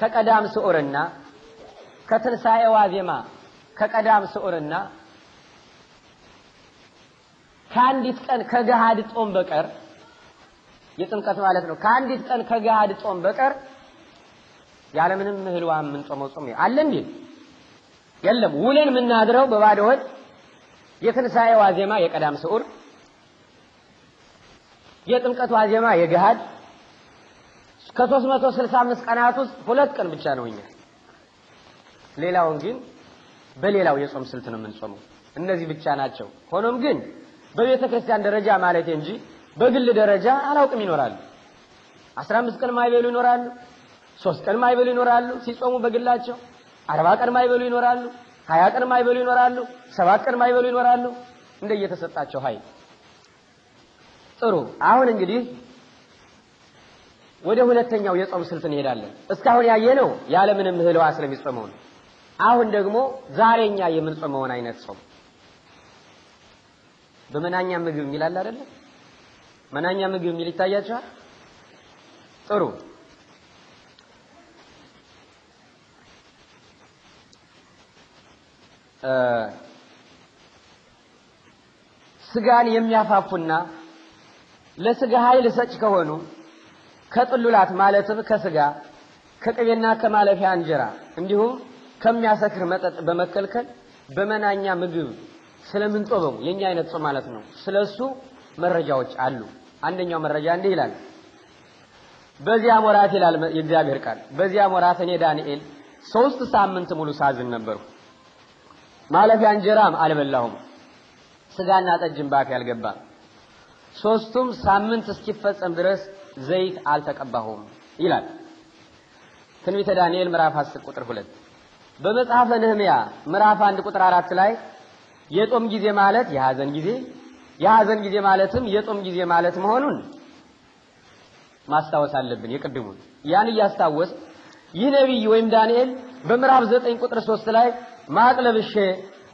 ከቀዳም ስዑርና ከትንሣኤ ዋዜማ ከቀዳም ስዑርና ከአንዲት ቀን ከገሃድ ጾም በቀር የጥምቀት ማለት ነው። ከአንዲት ቀን ከገሃድ ጾም በቀር ያለምንም እህል ውሃ የምንጾመው ጾም አለ እንዴ? የለም። ውለን የምናድረው በባዶ ሆድ የትንሣኤ ዋዜማ የቀዳም ስዑር የጥምቀት ዋዜማ የገሃድ ከ365 ቀናት ውስጥ ሁለት ቀን ብቻ ነው እኛ። ሌላውን ግን በሌላው የጾም ስልት ነው የምንጾመው። እነዚህ ብቻ ናቸው። ሆኖም ግን በቤተ ክርስቲያን ደረጃ ማለት እንጂ በግል ደረጃ አላውቅም ይኖራሉ። 15 ቀን ማይበሉ ይኖራሉ። ሶስት ቀን ማይበሉ ይኖራሉ ሲጾሙ በግላቸው። አርባ ቀን ማይበሉ ይኖራሉ። ሀያ ቀን ማይበሉ ይኖራሉ። ሰባት ቀን ማይበሉ ይኖራሉ እንደ እየተሰጣቸው ኃይል ጥሩ። አሁን እንግዲህ ወደ ሁለተኛው የጾም ስልት እንሄዳለን። እስካሁን ያየነው ያለምንም እህል ውሃ ስለሚጾመው ነው። አሁን ደግሞ ዛሬኛ የምንጾመውን አይነት ጾም በመናኛ ምግብ የሚል አለ አይደለ? መናኛ ምግብ የሚል ይታያችኋል? ጥሩ። ስጋን የሚያፋፉና ለስጋ ኃይል ሰጭ ከሆኑ ከጥሉላት ማለትም ከስጋ ከቅቤና ከማለፊያ እንጀራ እንዲሁም ከሚያሰክር መጠጥ በመከልከል በመናኛ ምግብ ስለምንጦበው የኛ አይነት ጾም ማለት ነው። ስለሱ መረጃዎች አሉ። አንደኛው መረጃ እንዲህ ይላል። በዚያ ወራት ይላል የእግዚአብሔር ቃል፣ በዚያ ወራት እኔ ዳንኤል ሶስት ሳምንት ሙሉ ሳዝን ነበርኩ። ማለፊያ እንጀራም አልበላሁም፣ ስጋና ጠጅም ባፌ አልገባም። ሶስቱም ሳምንት እስኪፈጸም ድረስ ዘይት አልተቀባሁም ይላል ትንቢተ ዳንኤል ምዕራፍ 10 ቁጥር 2። በመጽሐፈ ነህምያ ምዕራፍ 1 ቁጥር 4 ላይ የጦም ጊዜ ማለት የሐዘን ጊዜ የሐዘን ጊዜ ማለትም የጦም ጊዜ ማለት መሆኑን ማስታወስ አለብን። የቅድሙን ያን እያስታወስ ይህ ነቢይ ወይም ዳንኤል በምዕራፍ 9 ቁጥር 3 ላይ ማቅ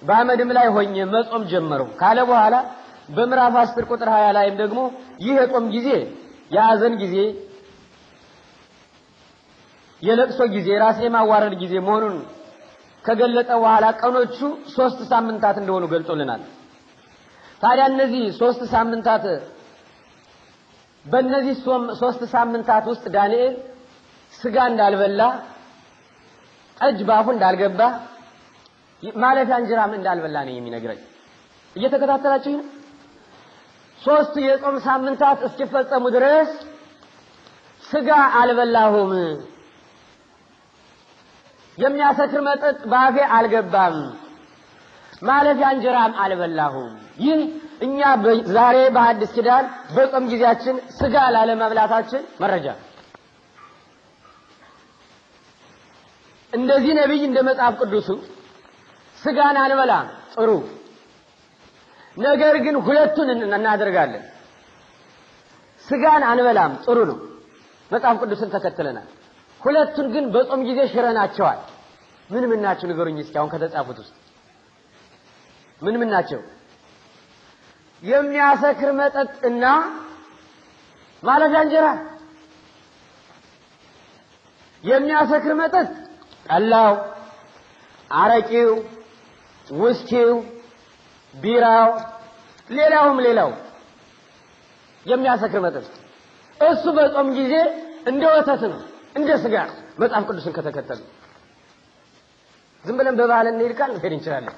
በአመድም ላይ ሆኜ መጾም ጀመሩ ካለ በኋላ በምዕራፍ 10 ቁጥር 20 ላይም ደግሞ ይህ የጾም ጊዜ የሐዘን ጊዜ፣ የለቅሶ ጊዜ፣ ራስን የማዋረድ ጊዜ መሆኑን ከገለጠ በኋላ ቀኖቹ ሶስት ሳምንታት እንደሆኑ ገልጾልናል። ታዲያ እነዚህ ሶስት ሳምንታት በእነዚህ ሶስት ሳምንታት ውስጥ ዳንኤል ስጋ እንዳልበላ፣ ጠጅ ባፉ እንዳልገባ፣ ማለፊያ እንጀራም እንዳልበላ ነው የሚነግረኝ። እየተከታተላችሁ ሶስቱ የጾም ሳምንታት እስኪፈጸሙ ድረስ ስጋ አልበላሁም፣ የሚያሰክር መጠጥ በአፌ አልገባም፣ ማለፊያ እንጀራም አልበላሁም። ይህ እኛ ዛሬ በአዲስ ኪዳን በጾም ጊዜያችን ስጋ ላለመብላታችን መረጃ ነው። እንደዚህ ነቢይ እንደ መጽሐፍ ቅዱሱ ስጋን አንበላም ጥሩ ነገር ግን ሁለቱን እናደርጋለን። ስጋን አንበላም፣ ጥሩ ነው፣ መጽሐፍ ቅዱስን ተከትለናል። ሁለቱን ግን በጾም ጊዜ ሽረናቸዋል። ምን ምን ናቸው ንገሩኝ እስኪ። አሁን ከተጻፉት ውስጥ ምን ምን ናቸው? የሚያሰክር እና ማለዳ እንጀራ። የሚያሰክር መጠጥ ጠላው፣ አረቂው፣ ውስኪው ቢራው፣ ሌላውም ሌላው የሚያሰክር መጠጥ እሱ በጾም ጊዜ እንደ ወተት ነው፣ እንደ ስጋ መጽሐፍ ቅዱስን ከተከተል ዝም ብለን በባህል እንሄድ ቃል መሄድ እንችላለን።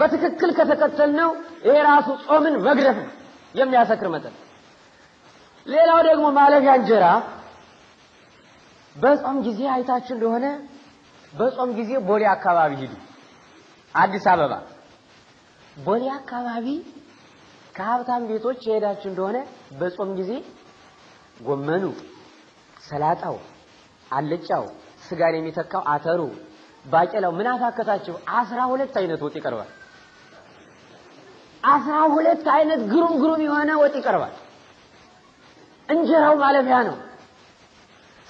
በትክክል ከተከተልነው ይሄ ራሱ ጾምን መግደፍ ነው፣ የሚያሰክር መጠጥ። ሌላው ደግሞ ማለፊያ እንጀራ በጾም ጊዜ አይታችሁ እንደሆነ በጾም ጊዜ ቦሌ አካባቢ ሂዱ፣ አዲስ አበባ ቦሌ አካባቢ ከሀብታም ቤቶች የሄዳችሁ እንደሆነ በጾም ጊዜ ጎመኑ፣ ሰላጣው፣ አልጫው፣ ስጋን የሚተካው አተሩ፣ ባቄላው ምን አታከታችሁ? አስራ ሁለት አይነት ወጥ ይቀርባል። አስራ ሁለት አይነት ግሩም ግሩም የሆነ ወጥ ይቀርባል። እንጀራው ማለፊያ ነው።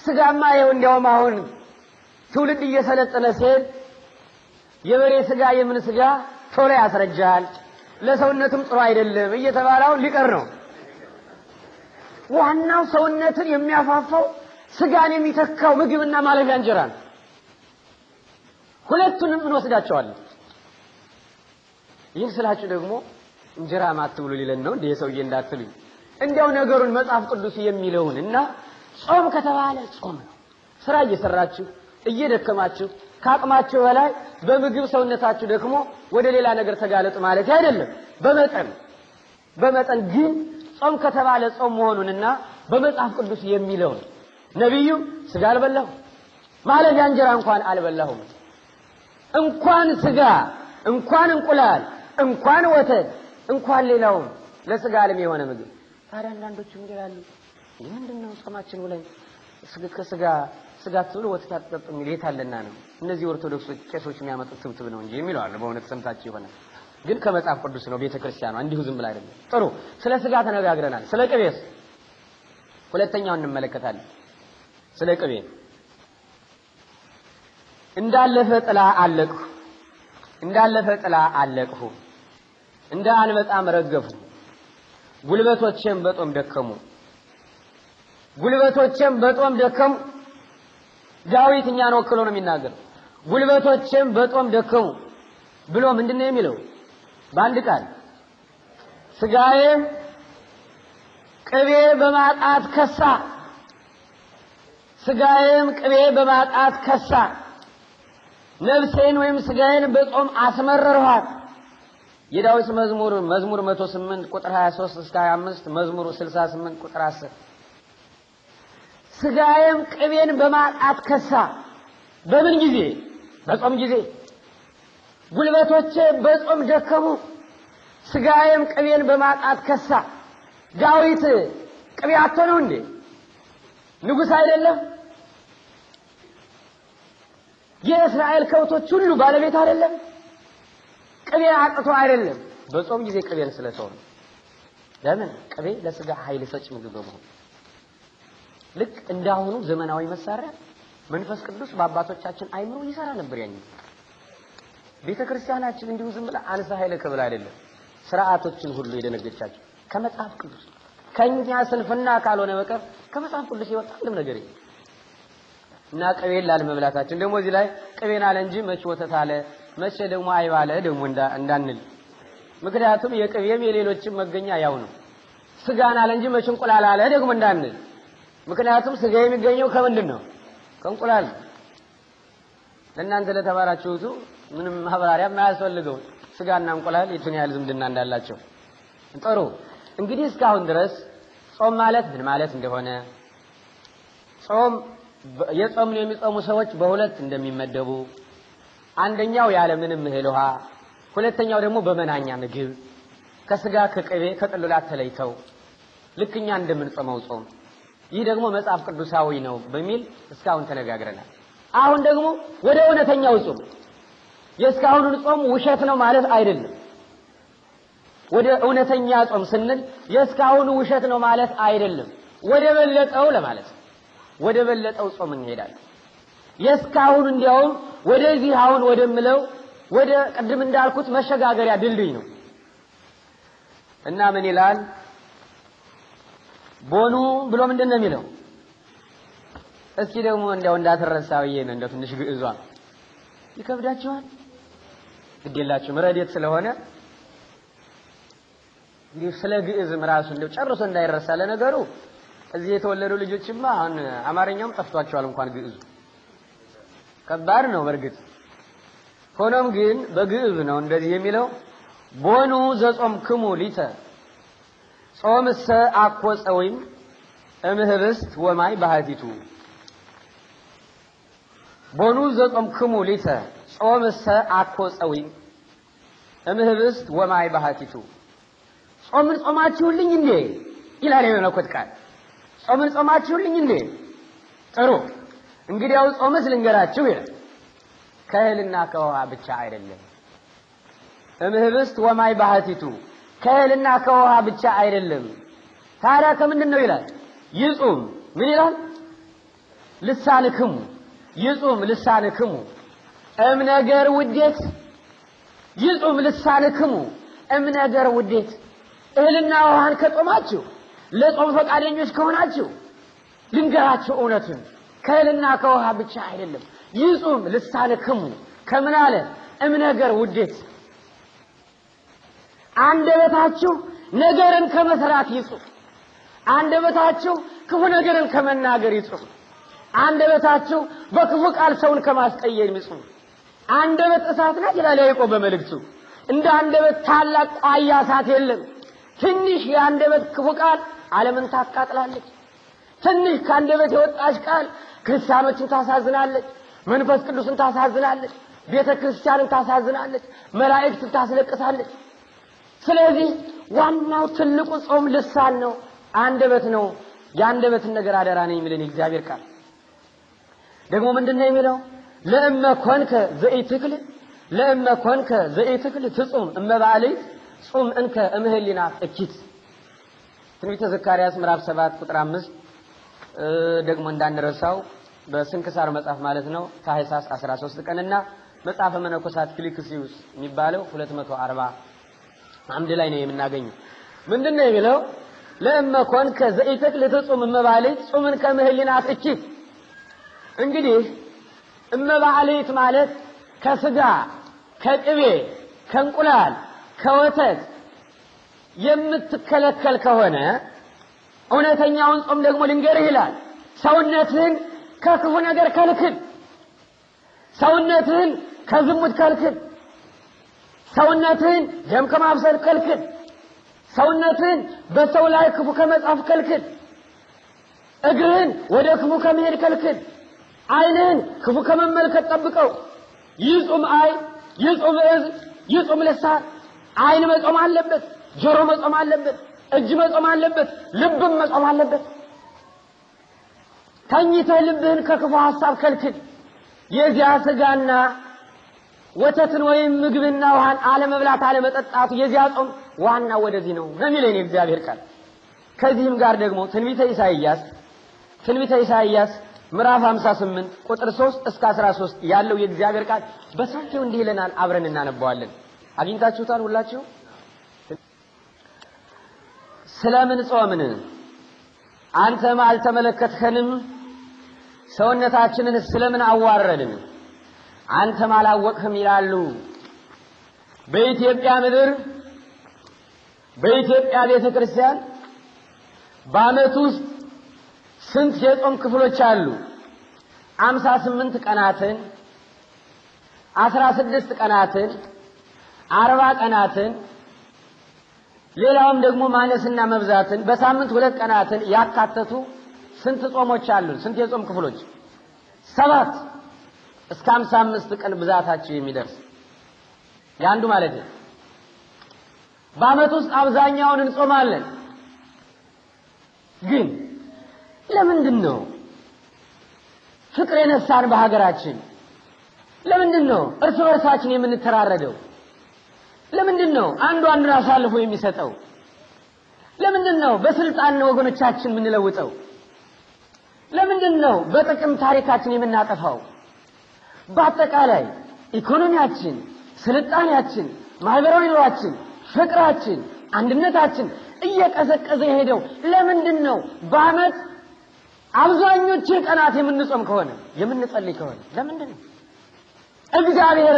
ስጋማ ይኸው እንዲያውም አሁን ትውልድ እየሰለጠነ ሲሄድ የበሬ ስጋ የምን ስጋ ላይ ያስረጃል፣ ለሰውነትም ጥሩ አይደለም እየተባለ አሁን ሊቀር ነው። ዋናው ሰውነትን የሚያፋፋው ስጋን የሚተካው ምግብና ማለፊያ እንጀራ ነው። ሁለቱንም እንወስዳቸዋለን። ይህን ስላችሁ ደግሞ እንጀራ ማትብሉ ሊለን ነው እንደ ሰውዬ እንዳትሉኝ። እንዲያው ነገሩን መጽሐፍ ቅዱስ የሚለውን እና ጾም ከተባለ ጾም ነው። ስራ እየሰራችሁ እየደከማችሁ ከአቅማቸው በላይ በምግብ ሰውነታቸው ደክሞ ወደ ሌላ ነገር ተጋለጡ ማለት አይደለም። በመጠን በመጠን ግን ጾም ከተባለ ጾም መሆኑንና በመጽሐፍ ቅዱስ የሚለውን ነቢዩ ስጋ አልበላሁም ማለት እንጀራ እንኳን አልበላሁም እንኳን ስጋ እንኳን እንቁላል እንኳን ወተት እንኳን ሌላውም ለስጋ ዓለም የሆነ ምግብ ታዲያ አንዳንዶቹ ምን ይላሉ? ምንድን ጾማችን ጾማችን ብለን ከስጋ ስጋት አትብሉ ወተት አትጠጡ የሚል የት አለና ነው? እነዚህ ኦርቶዶክሶች ቄሶች የሚያመጡት ትብትብ ነው እንጂ የሚለው አለ። በእውነት ሰምታችሁ ይሆነ ግን ከመጽሐፍ ቅዱስ ነው። ቤተክርስቲያኗ እንዲሁ ዝም ብላ አይደለም። ጥሩ፣ ስለ ስጋ ተነጋግረናል። ስለ ቅቤስ ሁለተኛው እንመለከታለን። ስለ ቅቤ እንዳለፈ ጥላ አለቅሁ፣ እንዳለፈ ጥላ አለቅሁ፣ እንደ አንበጣም ረገፉ፣ ጉልበቶቼም በጦም ደከሙ፣ ጉልበቶቼም በጦም ደከሙ ዳዊት እኛን ወክሎ ነው የሚናገረው። ጉልበቶችም በጦም ደከሙ ብሎ ምንድን ነው የሚለው? በአንድ ቃል ስጋዬ ቅቤ በማጣት ከሳ፣ ስጋዬም ቅቤ በማጣት ከሳ፣ ነፍሴን ወይም ስጋዬን በጾም አስመረርኋት። የዳዊት መዝሙር መዝሙር 108 ቁጥር 23 እስከ 25፣ መዝሙር 68 ቁጥር 10 ስጋዬም ቅቤን በማጣት ከሳ። በምን ጊዜ? በጾም ጊዜ። ጉልበቶቼ በጾም ደከሙ፣ ስጋዬም ቅቤን በማጣት ከሳ። ዳዊት ቅቤ አጥቶ ነው እንዴ? ንጉሥ አይደለም? የእስራኤል ከብቶች ሁሉ ባለቤት አይደለም? ቅቤ አቅቶ አይደለም። በጾም ጊዜ ቅቤን ስለተው ነው። ለምን? ቅቤ ለስጋ ኃይል ሰጭ ምግብ በመሆኑ ልክ እንዳሁኑ ዘመናዊ መሳሪያ መንፈስ ቅዱስ በአባቶቻችን አይምሮ ይሰራ ነበር። ያኝ ቤተ ክርስቲያናችን እንዲሁ ዝም ብላ አንሳ ኃይለ ክብል አይደለም፣ ስርዓቶችን ሁሉ የደነገቻቸው ከመጽሐፍ ቅዱስ ከኛ ስንፍና ካልሆነ በቀር ከመጽሐፍ ቅዱስ የወጣ አንድም ነገር የለም። እና ቅቤን ላለመብላታችን ደግሞ እዚህ ላይ ቅቤን አለ እንጂ መቼ ወተት አለ መቼ ደግሞ አይብ አለ ደግሞ እንዳንል፣ ምክንያቱም የቅቤም የሌሎችም መገኛ ያው ነው። ስጋን አለ እንጂ መቼ እንቁላል አለ ደግሞ እንዳንል ምክንያቱም ስጋ የሚገኘው ከምንድን ነው? ከእንቁላል። ለእናንተ ለተባራችሁቱ ምንም ማብራሪያ የማያስፈልገው ስጋና እንቁላል የቱን ያህል ዝምድና እንዳላቸው። ጥሩ እንግዲህ እስካሁን ድረስ ጾም ማለት ምን ማለት እንደሆነ ጾም የጾምን የሚጾሙ ሰዎች በሁለት እንደሚመደቡ አንደኛው ያለ ምንም እህል ውሃ፣ ሁለተኛው ደግሞ በመናኛ ምግብ ከስጋ ከቅቤ ከጥሉላት ተለይተው ልክኛ እንደምንጾመው ጾም ይህ ደግሞ መጽሐፍ ቅዱሳዊ ነው በሚል እስካሁን ተነጋግረናል። አሁን ደግሞ ወደ እውነተኛው ጾም፣ የእስካሁኑን ጾም ውሸት ነው ማለት አይደለም። ወደ እውነተኛ ጾም ስንል የእስካሁኑ ውሸት ነው ማለት አይደለም፣ ወደ በለጠው ለማለት ወደ በለጠው ጾም እንሄዳለን። የእስካሁን እንዲያውም ወደዚህ አሁን ወደምለው ወደ ቅድም እንዳልኩት መሸጋገሪያ ድልድይ ነው እና ምን ይላል? ቦኑ ብሎ ምንድን ነው የሚለው? እስኪ ደግሞ እንዲያው እንዳትረሳ ብዬ ነው እንደው ትንሽ ግዕዟ ይከብዳችኋል። ግዴላችሁም ረዴት ስለሆነ እንዲሁ ስለ ግዕዝም ራሱ እንደው ጨርሶ እንዳይረሳ። ለነገሩ እዚህ የተወለዱ ልጆችማ አሁን አማርኛውም ጠፍቷቸዋል እንኳን ግዕዙ ከባድ ነው በእርግጥ ሆኖም ግን በግዕዝ ነው እንደዚህ የሚለው ቦኑ ዘጾም ክሙ ሊተ ጾም አኮ ጸዊም እምህብስት ወማይ ባህቲቱ ቦኑ ዘጾም ክሙ ሊተ ጾም አኮ ጸዊም እምህብስት ወማይ ባህቲቱ ጾምን ጾማችሁልኝ እንዴ ይላል የመለኮት ቃል። ጾምን ጾማችሁልኝ እንዴ? ጥሩ እንግዲያው ጾምስ ልንገራችሁ ይላል። ከእህልና ከውሃ ብቻ አይደለም። እምህብስት ወማይ ባህቲቱ ከእህልና ከውሃ ብቻ አይደለም። ታዲያ ከምንድን ነው ይላል? ይጹም ምን ይላል? ልሳንክሙ ይጹም ልሳንክሙ እምነገር ውዴት ይጹም ልሳንክሙ እምነገር ውዴት። እህልና ውሃን ከጾማችሁ ለጾም ፈቃደኞች ከሆናችሁ ልንገራችሁ እውነቱን ከእህልና ከውሃ ብቻ አይደለም። ይጹም ልሳንክሙ ከምን አለ እምነገር ውዴት አንደበታችሁ ነገርን ከመስራት ይጽፍ። አንደበታችሁ ክፉ ነገርን ከመናገር አንድ አንደበታችሁ በክፉ ቃል ሰውን ከማስቀየም ይጽፍ። አንደበት እሳት ናት ይላል ያዕቆብ በመልእክቱ። እንደ አንደበት ታላቅ ቋያ እሳት የለም። ትንሽ የአንደበት ክፉ ቃል ዓለምን ታቃጥላለች። ትንሽ ከአንደበት የወጣች ቃል ክርስቲያኖችን ታሳዝናለች፣ መንፈስ ቅዱስን ታሳዝናለች፣ ቤተ ክርስቲያንን ታሳዝናለች፣ መላእክትን ታስለቅሳለች። ስለዚህ ዋናው ትልቁ ጾም ልሳን ነው፣ አንደበት ነው። የአንደበትን ነገር አደራ ነው የሚለን የእግዚአብሔር ቃል ደግሞ ምንድን ነው የሚለው? ለእመ ኮንከ ዘኢትክል ለእመ ኮንከ ዘኢትክል ትጹም እመ ባዕልይት ጹም እንከ እምህሊና እኪት ትንቢተ ዘካርያስ ምዕራፍ 7 ቁጥር 5 ደግሞ እንዳንረሳው በስንክሳር መጽሐፍ ማለት ነው ታህሳስ 13 ቀንና መጽሐፈ መነኮሳት ክሊክሲዩስ የሚባለው 240 አምድ ላይ ነው የምናገኘው። ምንድን ነው የሚለው? ለእመ ኮንከ ዘኢትክ ልትጹም ጾምን ጹምን ከምህሊና እንግዲህ እመባህሌት ማለት ከስጋ ከቅቤ ከእንቁላል ከወተት የምትከለከል ከሆነ እውነተኛውን ጾም ደግሞ ልንገርህ ይላል። ሰውነትህን ከክፉ ነገር ከልክል፣ ሰውነትህን ከዝሙት ከልክል ሰውነትን ደም ከማብሰል ከልክል። ሰውነትን በሰው ላይ ክፉ ከመጻፍ ከልክል። እግርህን ወደ ክፉ ከመሄድ ከልክል። ዓይንህን ክፉ ከመመልከት ጠብቀው። ይጹም አይ ይጹም እዝ፣ ይጹም ልሳን። ዓይን መጾም አለበት፣ ጆሮ መጾም አለበት፣ እጅ መጾም አለበት፣ ልብም መጾም አለበት። ተኝተህ ልብህን ከክፉ ሐሳብ ከልክል። የዚያ ስጋና ። ወተትን ወይም ምግብና ውሃን አለመብላት አለመጠጣቱ የዚያ ጾም ዋና ወደዚህ ነው ነው የሚለኝ እግዚአብሔር ቃል። ከዚህም ጋር ደግሞ ትንቢተ ኢሳይያስ ትንቢተ ኢሳይያስ ምዕራፍ 58 ቁጥር 3 እስከ 13 ያለው የእግዚአብሔር ቃል በሰፊው እንዲህ ይለናል። አብረን እናነባዋለን። አግኝታችሁታል ሁላችሁ? ስለምን ጾምን? አንተም አልተመለከትኸንም? ሰውነታችንን ስለምን አዋረድን? አንተም አላወቅህም ይላሉ። በኢትዮጵያ ምድር በኢትዮጵያ ቤተ ክርስቲያን በዓመት ውስጥ ስንት የጾም ክፍሎች አሉ? አምሳ ስምንት ቀናትን፣ አስራ ስድስት ቀናትን፣ አርባ ቀናትን ሌላውም ደግሞ ማነስና መብዛትን በሳምንት ሁለት ቀናትን ያካተቱ ስንት ጾሞች አሉ? ስንት የጾም ክፍሎች? ሰባት እስከ ሃምሳ አምስት ቀን ብዛታቸው የሚደርስ የአንዱ ማለት ነው። በዓመት ውስጥ አብዛኛውን እንጾማለን። ግን ለምንድን ነው ፍቅር የነሳን በሀገራችን? ለምንድን ነው እርስ በርሳችን የምንተራረደው? ለምንድን ነው አንዱ አንዱን አሳልፎ የሚሰጠው? ለምንድን ነው በስልጣን ወገኖቻችን የምንለውጠው? ለምንድን ነው በጥቅም ታሪካችን የምናጠፋው? በአጠቃላይ ኢኮኖሚያችን፣ ስልጣኔያችን፣ ማህበራዊ ኑሯችን፣ ፍቅራችን፣ አንድነታችን እየቀዘቀዘ የሄደው ለምንድን ነው? በአመት አብዛኞቹ ቀናት የምንጾም ከሆነ የምንጸልይ ከሆነ ለምንድን ነው? እግዚአብሔር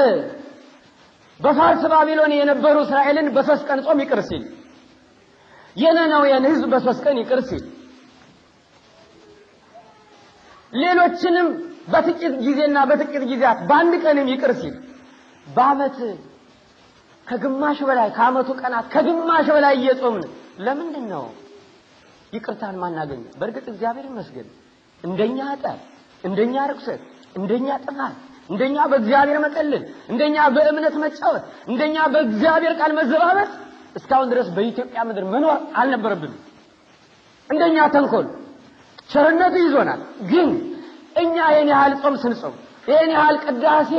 በፋርስ ባቢሎን የነበሩ እስራኤልን በሶስት ቀን ጾም ይቅር ሲል የነነዌን ህዝብ በሶስት ቀን ይቅር ሲል ሌሎችንም በጥቂት ጊዜና በጥቂት ጊዜያት በአንድ ቀንም ይቅር ሲል በዓመት ከግማሽ በላይ ከዓመቱ ቀናት ከግማሽ በላይ እየጾምን ለምንድን ነው ይቅርታን ማናገኝ? በእርግጥ እግዚአብሔር ይመስገን እንደኛ ኃጢአት፣ እንደኛ ርኩሰት፣ እንደኛ ጥፋት፣ እንደኛ በእግዚአብሔር መቀለል፣ እንደኛ በእምነት መጫወት፣ እንደኛ በእግዚአብሔር ቃል መዘባበት እስካሁን ድረስ በኢትዮጵያ ምድር መኖር አልነበረብንም። እንደኛ ተንኮል ቸርነቱ ይዞናል ግን እኛ ይህን ያህል ጾም ስንጾም ይህን ያህል ቅዳሴ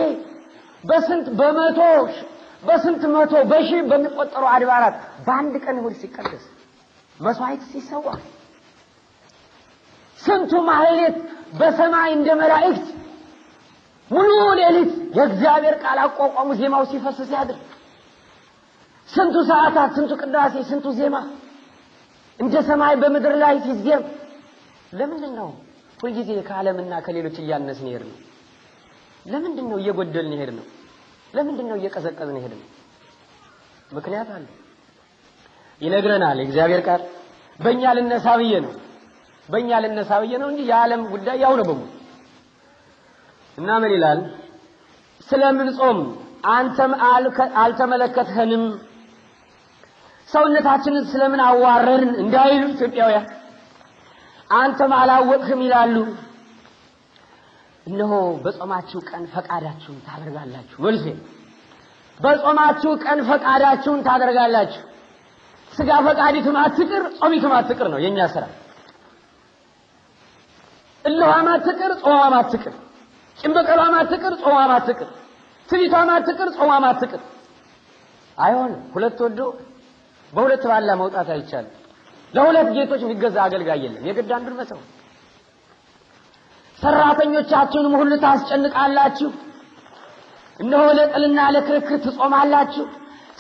በስንት በመቶ በስንት መቶ በሺህ በሚቆጠሩ አድባራት በአንድ ቀን እሑድ ሲቀደስ መስዋዕት ሲሰዋ ስንቱ ማህሌት በሰማይ እንደ መላእክት ሙሉ ሌሊት የእግዚአብሔር ቃል አቋቋሙ ዜማው ሲፈስ ሲያድር ስንቱ ሰዓታት ስንቱ ቅዳሴ ስንቱ ዜማ እንደ ሰማይ በምድር ላይ ሲዜም ለምንድን ነው ሁልጊዜ ከዓለምና ከሌሎች እያነስን ይሄድ ነው። ለምንድን ነው እየጎደልን ይሄድ ነው? ለምንድን ነው እየቀዘቀዝን ይሄድ ነው? ምክንያት አለ። ይነግረናል የእግዚአብሔር ቃል። በእኛ ልነሳ ብዬ ነው በእኛ ልነሳ ብዬ ነው እንጂ የዓለም ጉዳይ ያው ነው በሙሉ እና ምን ይላል? ስለምን ጾም አንተም አልተመለከትህንም፣ ሰውነታችንን ስለምን አዋረርን እንዳይሉ ኢትዮጵያውያን አንተም አላወቅህም ይላሉ። እነሆ በጾማችሁ ቀን ፈቃዳችሁን ታደርጋላችሁ። መልሴ በጾማችሁ ቀን ፈቃዳችሁን ታደርጋላችሁ። ስጋ ፈቃዲቱም አትቅር፣ ጾሚቱም አትቅር ነው የኛ ስራ። እልኋም አትቅር፣ ጾሟም አትቅር። ቂም በቀሏም አትቅር፣ ጾሟም አትቅር። ትቢቷም አትቅር፣ ጾሟም አትቅር። አይሆንም። ሁለት ወዶ በሁለት ባላ መውጣት አይቻልም። ለሁለት ጌቶች የሚገዛ አገልጋይ የለም። የግድ አንዱን መተው። ሰራተኞቻችሁንም ሁሉ ታስጨንቃላችሁ፣ እነሆ ለጥልና ለክርክር ትጾማላችሁ።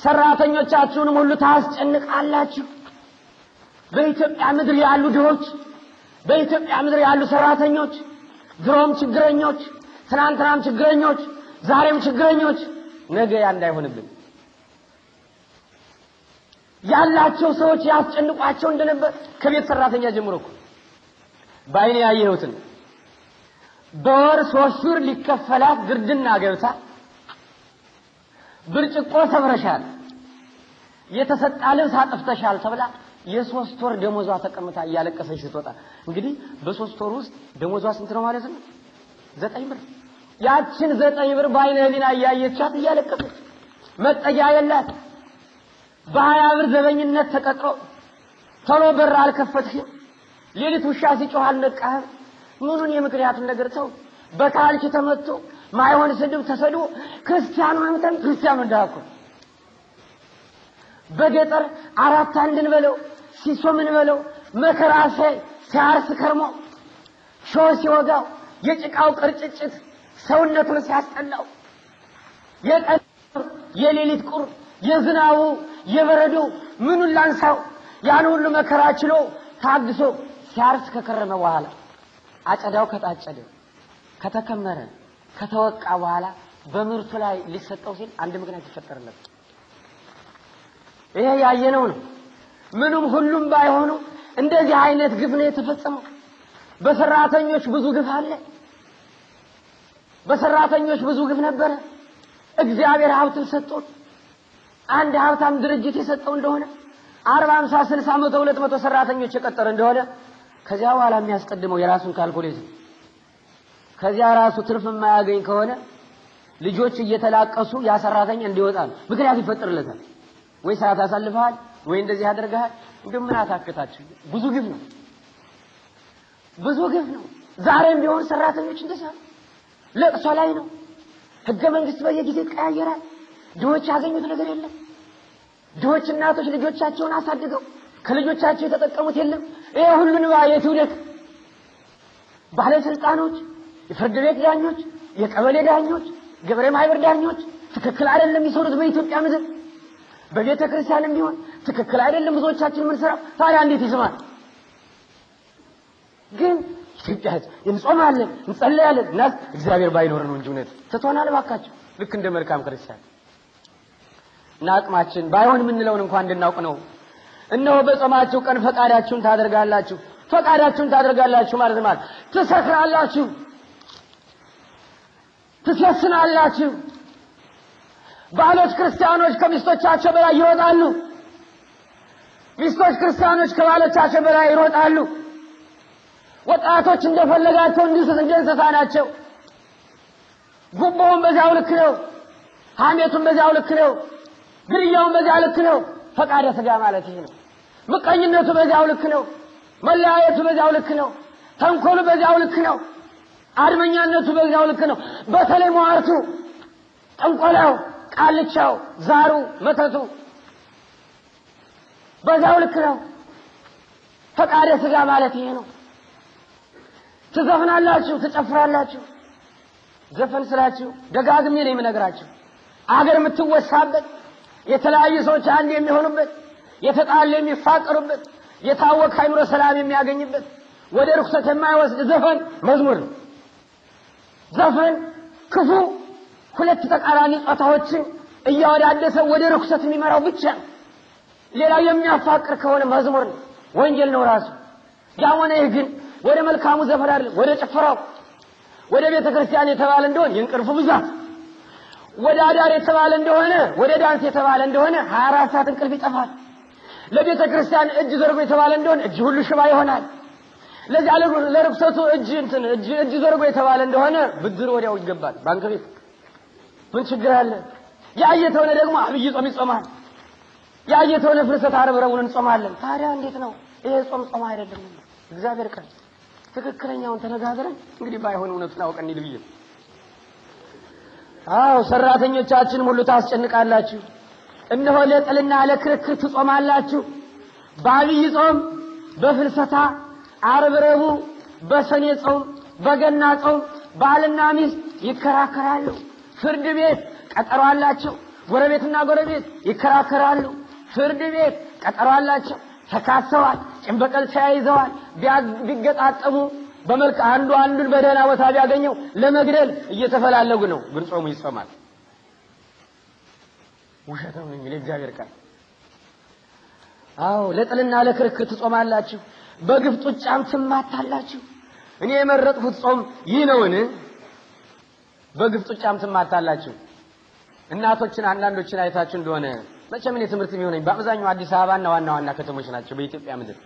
ሰራተኞቻችሁንም ሁሉ ታስጨንቃላችሁ። በኢትዮጵያ ምድር ያሉ ድሆች፣ በኢትዮጵያ ምድር ያሉ ሰራተኞች፣ ድሮም ችግረኞች፣ ትናንትናም ችግረኞች፣ ዛሬም ችግረኞች፣ ነገ ያ እንዳይሆንብን ያላቸው ሰዎች ያስጨንቋቸው እንደነበር ከቤት ሰራተኛ ጀምሮ እኮ ባይኔ ያየሁትን በወር ሶስት ሹር ሊከፈላት ግርድና ገብታ ብርጭቆ ሰብረሻል፣ የተሰጣ ልብስ አጥፍተሻል ተብላ የሶስት ወር ደሞዟ ተቀምጣ እያለቀሰች ስትወጣ፣ እንግዲህ በሶስት ወር ውስጥ ደሞዟ ስንት ነው ማለት ነው? ዘጠኝ ብር። ያችን ዘጠኝ ብር በአይነ ህሊና እያየቻት እያለቀሰች መጠጊያ የላት በሀያ ብር ዘበኝነት ተቀጥሮ ቶሎ በር አልከፈትህም። ሌሊት ውሻ ሲጮህ አልነቃህም። ምኑን የምክንያቱን ነገር ተው። በካልች ተመቶ ማይሆን ስድብ ተሰዱ ክርስቲያኑ አንተም ክርስቲያኑ እንዳኩ በገጠር አራት አንድን በለው ሲሶ ምን በለው መከራ ሲያይ ሲያርስ ከርሞ ሾህ ሲወጋው የጭቃው ቅርጭጭት ሰውነቱን ሲያስጠላው የቀን የሌሊት ቁር የዝናቡ የበረዶው ምኑን ላንሳው ያን ሁሉ መከራ ችሎ ታግሶ ሲያርስ ከከረመ በኋላ አጨዳው ከታጨደ ከተከመረ ከተወቃ በኋላ በምርቱ ላይ ሊሰጠው ሲል አንድ ምክንያት ይፈጠርለት። ይሄ ያየነው ነው። ምንም ሁሉም ባይሆኑ እንደዚህ አይነት ግፍ ነው የተፈጸመው። በሰራተኞች ብዙ ግፍ አለ። በሰራተኞች ብዙ ግፍ ነበረ። እግዚአብሔር ሀብትን ሰጥቶት አንድ ሀብታም ድርጅት የሰጠው እንደሆነ አርባ አምሳ ስልሳ መቶ ሁለት መቶ ሰራተኞች የቀጠረ እንደሆነ ከዚያ በኋላ የሚያስቀድመው የራሱን ካልኩሌት ነው። ከዚያ ራሱ ትርፍ የማያገኝ ከሆነ ልጆች እየተላቀሱ ያ ሰራተኛ እንዲወጣ ነው ምክንያት ይፈጥርለታል። ወይ ሰዓት አሳልፈሃል፣ ወይ እንደዚህ አድርገሃል፣ እንዲሁ ምን አታክታችሁ። ብዙ ግፍ ነው፣ ብዙ ግፍ ነው። ዛሬም ቢሆን ሰራተኞች እንደሳ ለቅሶ ላይ ነው። ህገ መንግስት በየጊዜ ይቀያየራል። ድሆች ያገኙት ነገር የለም። ድሆች እናቶች ልጆቻቸውን አሳድገው ከልጆቻቸው የተጠቀሙት የለም። ይሄ ሁሉንም የትውልድ ባለስልጣኖች፣ የፍርድ ቤት ዳኞች፣ የቀበሌ ዳኞች፣ ግብረ ማህበር ዳኞች ትክክል አይደለም የሚሰሩት በኢትዮጵያ ምድር በቤተ ክርስቲያንም ቢሆን ትክክል አይደለም ብዙዎቻችን ምንሰራው ታዲያ እንዴት ይስማል? ግን ኢትዮጵያ ሕዝብ እንጾማለን፣ እንጸለያለን እና እግዚአብሔር ባይኖር ነው እንጂ እውነት ትቶናል። ልክ እንደ መልካም ክርስቲያን እና አቅማችን ባይሆን የምንለውን እንኳን እንድናውቅ ነው። እነሆ በጾማችሁ ቀን ፈቃዳችሁን ታደርጋላችሁ። ፈቃዳችሁን ታደርጋላችሁ ማለት ማለት ትሰክራላችሁ፣ ትሴስናላችሁ። ባሎች ክርስቲያኖች ከሚስቶቻቸው በላይ ይወጣሉ፣ ሚስቶች ክርስቲያኖች ከባሎቻቸው በላይ ይሮጣሉ። ወጣቶች እንደፈለጋቸው እንዲሱት እንደ እንስሳ ናቸው። ጉቦውን በዚያው ልክ ነው፣ ሐሜቱን በዚያው ልክ ነው። ግድያውን በዚያው ልክ ነው። ፈቃደ ስጋ ማለት ይሄ ነው። ምቀኝነቱ በዚያው ልክ ነው። መለያየቱ በዚያው ልክ ነው። ተንኮሉ በዚያው ልክ ነው። አድመኛነቱ በዚያው ልክ ነው። በተለይ መዋርቱ፣ ጥንቆላው፣ ቃልቻው፣ ዛሩ፣ መተቱ በዚያው ልክ ነው። ፈቃደ ስጋ ማለት ይሄ ነው። ትዘፍናላችሁ፣ ትጨፍራላችሁ። ዘፈን ስላችሁ ደጋግሜ ነው የምነግራችሁ አገር የምትወሳበት የተለያዩ ሰዎች አንድ የሚሆኑበት፣ የተጣሉ የሚፋቀሩበት፣ የታወቀ አይምሮ ሰላም የሚያገኝበት ወደ ርኩሰት የማይወስድ ዘፈን መዝሙር ነው። ዘፈን ክፉ ሁለት ተቃራኒ ጾታዎችን እያወዳደሰ ወደ ርኩሰት የሚመራው ብቻ ሌላ የሚያፋቅር ከሆነ መዝሙር ነው፣ ወንጀል ነው ራሱ። ያም ሆነ ይህ ግን ወደ መልካሙ ዘፈን አይደለም፣ ወደ ጭፈራው፣ ወደ ቤተ ክርስቲያን የተባለ እንደሆን የእንቅልፉ ብዛት ወደ አዳር የተባለ እንደሆነ ወደ ዳንስ የተባለ እንደሆነ 24 ሰዓት እንቅልፍ ይጠፋል። ለቤተ ክርስቲያን እጅ ዘርጎ የተባለ እንደሆነ እጅ ሁሉ ሽባ ይሆናል። ለዚህ አለ ለርክሰቱ እጅ እንትን እጅ እጅ ዘርጎ የተባለ እንደሆነ ብድር ወዲያው ይገባል ባንክ ቤት። ምን ችግር አለ? ያየተሆነ ደግሞ አብይ ጾም ይጾማል። ያየተሆነ ፍልሰት ዓርብ ረቡዕን እንጾማለን። ታዲያ እንዴት ነው ይሄ ጾም? ጾም አይደለም እግዚአብሔር ቀን ትክክለኛውን ተነጋግረን እንግዲህ ባይሆን እውነቱን አውቀን ይልብየን አዎ ሰራተኞቻችን ሙሉ ታስጨንቃላችሁ። እነሆ ለጥልና ለክርክር ትጾማላችሁ። በአብይ ጾም፣ በፍልሰታ ዓርብ፣ ረቡዕ፣ በሰኔ ጾም፣ በገና ጾም ባልና ሚስት ይከራከራሉ። ፍርድ ቤት ቀጠሮ አላቸው። ጎረቤትና ጎረቤት ይከራከራሉ። ፍርድ ቤት ቀጠሮ አላቸው። ተካሰዋል። ጭንበቀል ተያይዘዋል። ቢገጣጠሙ በመልክ አንዱ አንዱን በደህና ቦታ ቢያገኘው ለመግደል እየተፈላለጉ ነው። ግን ጾሙ ይጾማል። ውሸት ነው የሚል እግዚአብሔር ቃል። አዎ ለጥልና ለክርክር ትጾማላችሁ፣ በግፍ ጡጫም ትማታላችሁ። እኔ የመረጥኩት ጾም ይህ ነውን? በግፍ ጡጫም ትማታላችሁ። እናቶችን አንዳንዶችን አይታችሁ እንደሆነ መቼም እኔ ትምህርት የሚሆነኝ በአብዛኛው አዲስ አበባና ዋና ዋና ከተሞች ናቸው በኢትዮጵያ ምድር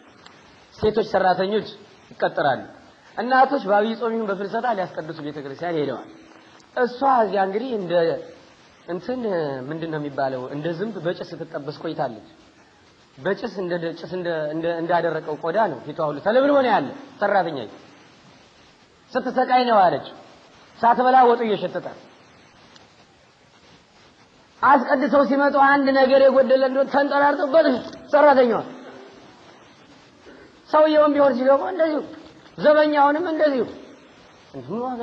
ሴቶች ሰራተኞች ይቀጥራሉ። እናቶች በአብይ ጾም ይሁን በፍልሰታ ሊያስቀድሱ ቤተክርስቲያን ሄደዋል። እሷ እዚያ እንግዲህ እንደ እንትን ምንድን ነው የሚባለው እንደ ዝንብ በጭስ ስትጠበስ ቆይታለች። በጭስ እንደ ጭስ እንደ እንዳደረቀው ቆዳ ነው ፊቷ ሁሉ ተለብልቦ ነው ያለ። ሰራተኛ ስትሰቃይ ነው አለች። ሳትበላ ወጡ እየሸተታት አስቀድሰው ሲመጡ አንድ ነገር የጎደለ እንደሆነ ተንጠራርተው ሰራተኛዋ ሰውየውም ቢሆን ሲገባ እንደዚሁ ዘበኛውንም እንደዚሁ እንዲሁ ዋጋ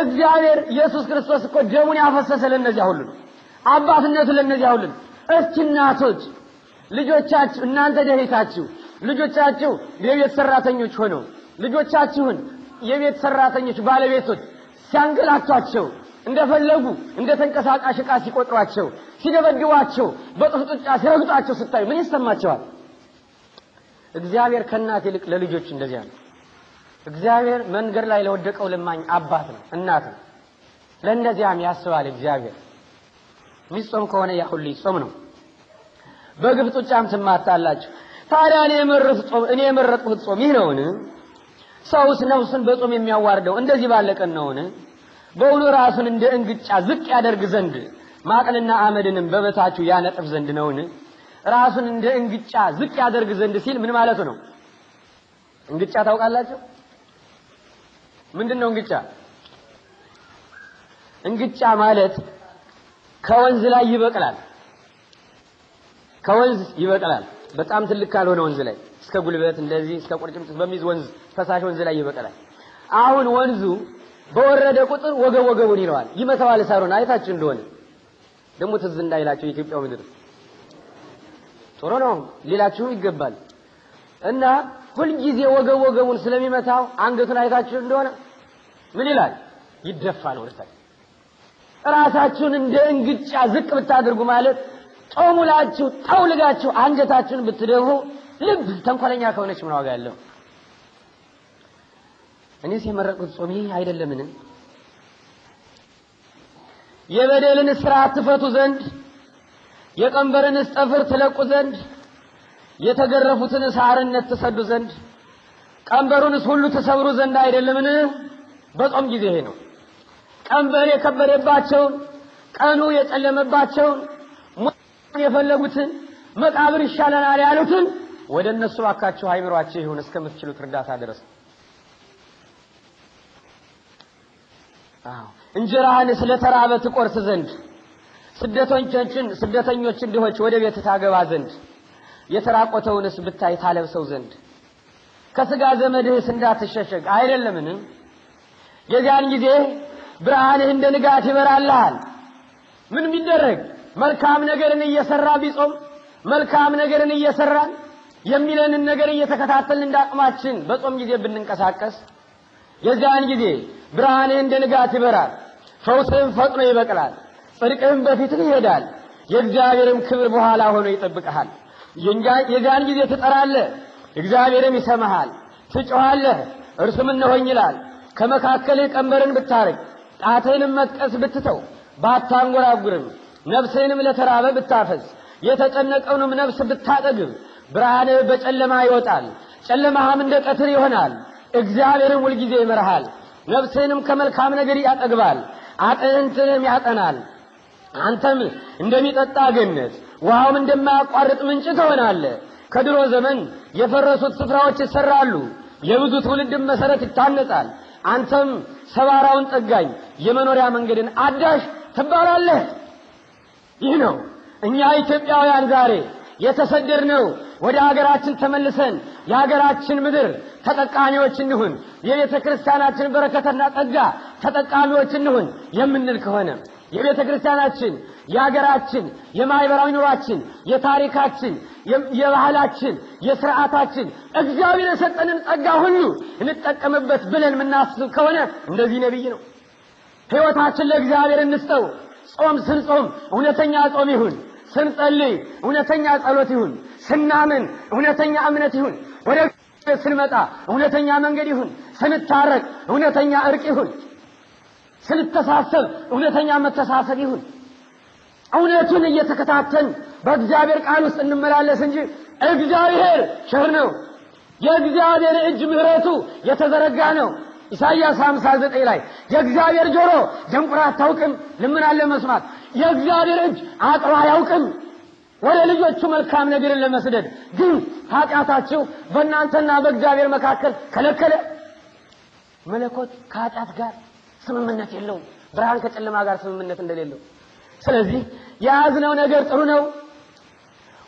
እግዚአብሔር ኢየሱስ ክርስቶስ እኮ ደሙን ያፈሰሰ ለእነዚያ ሁሉ ነው። አባትነቱ ለእነዚያ ሁሉ ነው። እስኪ እናቶች ልጆቻችሁ እናንተ ደህይታችሁ ልጆቻችሁ የቤት ሰራተኞች ሆነው ልጆቻችሁን የቤት ሰራተኞች ባለቤቶች ሲያንገላቷቸው እንደፈለጉ እንደ ተንቀሳቃሽ ዕቃ ሲቆጥሯቸው፣ ሲደበድቧቸው፣ በጡፍጡጫ ሲረግጧቸው ስታዩ ምን ይሰማቸዋል? እግዚአብሔር ከእናት ይልቅ ለልጆች እንደዚያ ነው። እግዚአብሔር መንገድ ላይ ለወደቀው ለማኝ አባት ነው፣ እናት ነው። ለእነዚያም ያስባል እግዚአብሔር። የሚጾም ከሆነ ያ ሁሉ ይጾም ነው። በግብፅ ጫምት ትማታላችሁ። ታዲያ እኔ የመረጥኩት ጾም እኔ የመረጥኩት ጾም ይህ ነውን? ሰውስ ነፍሱን በጾም የሚያዋርደው እንደዚህ ባለቀን ነውን? በውሉ ራሱን እንደ እንግጫ ዝቅ ያደርግ ዘንድ ማቅንና አመድንም በበታችሁ ያነጥፍ ዘንድ ነውን? ራሱን እንደ እንግጫ ዝቅ ያደርግ ዘንድ ሲል ምን ማለቱ ነው? እንግጫ ታውቃላችሁ? ምንድን ነው እንግጫ? እንግጫ ማለት ከወንዝ ላይ ይበቅላል። ከወንዝ ይበቅላል። በጣም ትልቅ ካልሆነ ወንዝ ላይ እስከ ጉልበት እንደዚህ እስከ ቁርጭምጭ በሚይዝ ወንዝ ፈሳሽ ወንዝ ላይ ይበቅላል። አሁን ወንዙ በወረደ ቁጥር ወገብ ወገቡን ይለዋል፣ ይመታዋል። ሳሩን አይታችሁ እንደሆነ ደግሞ ትዝ እንዳይላቸው የኢትዮጵያ ምድር ጥሩ ነው ሌላችሁ ይገባል። እና ሁልጊዜ ወገብ ወገቡን ስለሚመታው አንገቱን አይታችሁ እንደሆነ ምን ይላል? ይደፋል ወደታች። ራሳችሁን እንደ እንግጫ ዝቅ ብታደርጉ ማለት ጦሙላችሁ ጠውልጋችሁ አንገታችሁን ብትደፉ ልብ ተንኮለኛ ከሆነች ምን ዋጋ ያለው? እኔስ የመረጥኩት ጾም ይሄ አይደለምን? የበደልን ስራ ትፈቱ ዘንድ የቀንበርንስ ጠፍር ትለቁ ዘንድ የተገረፉትንስ አርነት ትሰዱ ዘንድ ቀንበሩንስ ሁሉ ትሰብሩ ዘንድ አይደለምን? በጾም ጊዜ ይሄ ነው። ቀንበር የከበደባቸውን ቀኑ የጨለመባቸውን የፈለጉትን መቃብር ይሻለናል ያሉትን ወደ እነሱ ባካችሁ አይምሯችሁ ይሁን እስከምትችሉት እርዳታ ድረስ። አዎ እንጀራህን ስለተራበ ትቆርስ ዘንድ ስደተኞችን ስደተኞችን ድሆች ወደ ቤት ታገባ ዘንድ የተራቆተውንስ ብታይ ታለብሰው ዘንድ ከስጋ ዘመድህስ እንዳትሸሸግ አይደለምን? የዚያን ጊዜ ብርሃንህ እንደ ንጋት ይበራልሃል። ምን ቢደረግ መልካም ነገርን እየሰራ ቢጾም መልካም ነገርን እየሰራን የሚለንን ነገር እየተከታተልን እንዳቅማችን በጾም ጊዜ ብንንቀሳቀስ የዚያን ጊዜ ብርሃንህ እንደ ንጋት ይበራል፣ ፈውስህም ፈጥኖ ይበቅላል። ጽድቅህም በፊትህ ይሄዳል፣ የእግዚአብሔርም ክብር በኋላ ሆኖ ይጠብቀሃል። የዚያን ጊዜ ትጠራለህ፣ እግዚአብሔርም ይሰማሃል። ትጮኻለህ፣ እርሱም እነሆኝ ይላል። ከመካከልህ ቀንበርን ብታርግ ጣትህንም መጥቀስ ብትተው፣ ባታንጎራጉርም፣ ነፍስህንም ለተራበ ብታፈስ፣ የተጨነቀውንም ነፍስ ብታጠግብ፣ ብርሃንህ በጨለማ ይወጣል፣ ጨለማህም እንደ ቀትር ይሆናል። እግዚአብሔርም ሁልጊዜ ይመርሃል፣ ነፍስህንም ከመልካም ነገር ያጠግባል፣ አጥንትንም ያጠናል። አንተም እንደሚጠጣ ገነት ውሃውም እንደማያቋርጥ ምንጭ ትሆናለህ። ከድሮ ዘመን የፈረሱት ስፍራዎች ይሰራሉ፣ የብዙ ትውልድም መሰረት ይታነጻል። አንተም ሰባራውን ጠጋኝ የመኖሪያ መንገድን አዳሽ ትባላለህ። ይህ ነው እኛ ኢትዮጵያውያን ዛሬ የተሰደድነው ወደ ሀገራችን ተመልሰን የሀገራችን ምድር ተጠቃሚዎች እንሁን፣ የቤተ ክርስቲያናችን በረከትና ጸጋ ተጠቃሚዎች እንሁን የምንል ከሆነ የቤተ ክርስቲያናችን፣ የሀገራችን፣ የማህበራዊ ኑሯችን፣ የታሪካችን፣ የባህላችን፣ የስርዓታችን እግዚአብሔር የሰጠንን ጸጋ ሁሉ እንጠቀምበት ብለን የምናስብ ከሆነ እንደዚህ ነብይ ነው። ሕይወታችን ለእግዚአብሔር እንስጠው። ጾም ስንጾም እውነተኛ ጾም ይሁን። ስንጸልይ እውነተኛ ጸሎት ይሁን። ስናምን እውነተኛ እምነት ይሁን። ወደ ስንመጣ እውነተኛ መንገድ ይሁን። ስንታረቅ እውነተኛ እርቅ ይሁን። ስንተሳሰብ እውነተኛ መተሳሰብ ይሁን። እውነቱን እየተከታተን በእግዚአብሔር ቃል ውስጥ እንመላለስ እንጂ እግዚአብሔር ቸር ነው። የእግዚአብሔር እጅ ምህረቱ የተዘረጋ ነው። ኢሳይያስ 59 ላይ የእግዚአብሔር ጆሮ ደንቁራ አታውቅም፣ ልምናን ለመስማት የእግዚአብሔር እጅ አጥሮ አያውቅም፣ ወደ ልጆቹ መልካም ነገርን ለመስደድ። ግን ኃጢአታችሁ በእናንተና በእግዚአብሔር መካከል ከለከለ። መለኮት ከኃጢአት ጋር ስምምነት የለውም። ብርሃን ከጨለማ ጋር ስምምነት እንደሌለው። ስለዚህ የያዝነው ነገር ጥሩ ነው።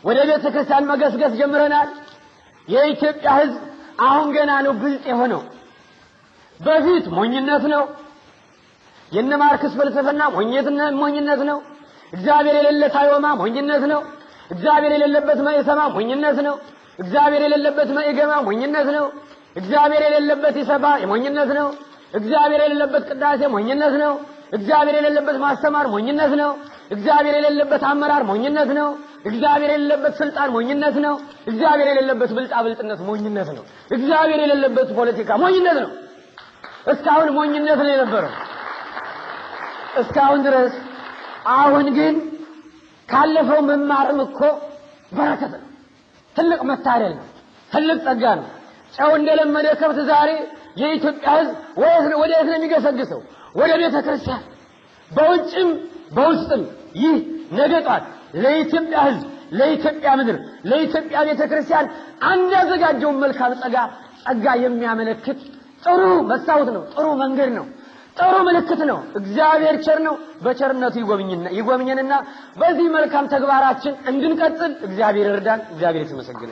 ወደ ቤተ ክርስቲያን መገስገስ ጀምረናል። የኢትዮጵያ ሕዝብ አሁን ገና ነው ግልጽ የሆነው። በፊት ሞኝነት ነው፣ የነ ማርክስ ፍልስፍና ሞኝነት ነው። እግዚአብሔር የሌለ ታዮማ ሞኝነት ነው። እግዚአብሔር የሌለበት መኢሰማ ሞኝነት ነው። እግዚአብሔር የሌለበት መኢገማ ሞኝነት ነው። እግዚአብሔር የሌለበት ኢሰፓ ሞኝነት ነው። እግዚአብሔር የሌለበት ቅዳሴ ሞኝነት ነው። እግዚአብሔር የሌለበት ማስተማር ሞኝነት ነው። እግዚአብሔር የሌለበት አመራር ሞኝነት ነው። እግዚአብሔር የሌለበት ስልጣን ሞኝነት ነው። እግዚአብሔር የሌለበት ብልጥነት ሞኝነት ነው። እግዚአብሔር የሌለበት ፖለቲካ ሞኝነት ነው። እስካሁን ሞኝነት ነው የነበረው እስካሁን ድረስ። አሁን ግን ካለፈው መማርም እኮ በረከት ነው። ትልቅ መታደል ነው። ትልቅ ጸጋ ነው። ሰው እንደለመደ ከብት ዛሬ የኢትዮጵያ ህዝብ ወደ የት ነው የሚገሰግሰው? ወደ ቤተ ክርስቲያን። በውጭም በውስጥም ይህ ነገ ጧት ለኢትዮጵያ ህዝብ ለኢትዮጵያ ምድር ለኢትዮጵያ ቤተ ክርስቲያን አንድ ያዘጋጀውን መልካም ጸጋ ጸጋ የሚያመለክት ጥሩ መስታወት ነው። ጥሩ መንገድ ነው። ጥሩ ምልክት ነው። እግዚአብሔር ቸር ነው። በቸርነቱ ይጎብኝንና በዚህ መልካም ተግባራችን እንድንቀጥል እግዚአብሔር እርዳን። እግዚአብሔር ይመስገን።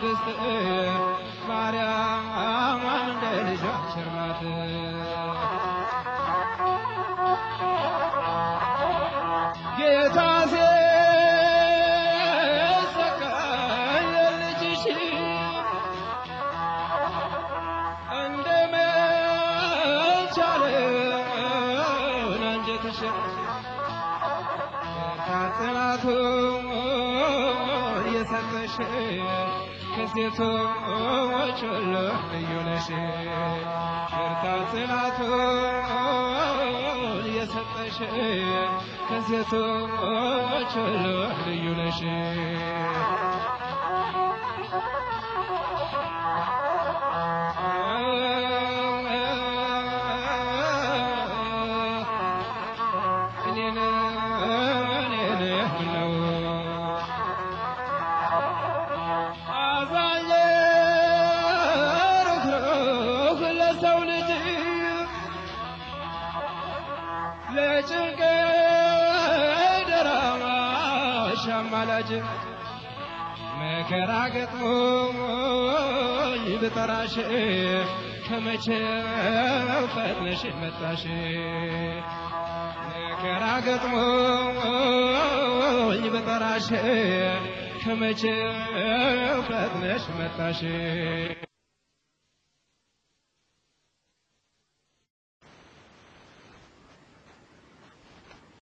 ቅድስት ማርያም እንደ ልጇ ቸር ናት። ጌታ ሲሰቀል ልጅሽ እንደመቻል አንጀትሽ ጽናቱን የሰጠሽ ከሴቶች ሁሉ ልዩ ነሽ ሽርታ ጽናቱን የሰጠሽ ከሴቶች ሁሉ ልዩ ነሽ መከራ ገጥሞኝ ብጠራሽ ከመቼ ፈጥነሽ መጣሽ መከራ ገጥሞኝ ብጠራሽ ከመቼ ፈጥነሽ መጣሽ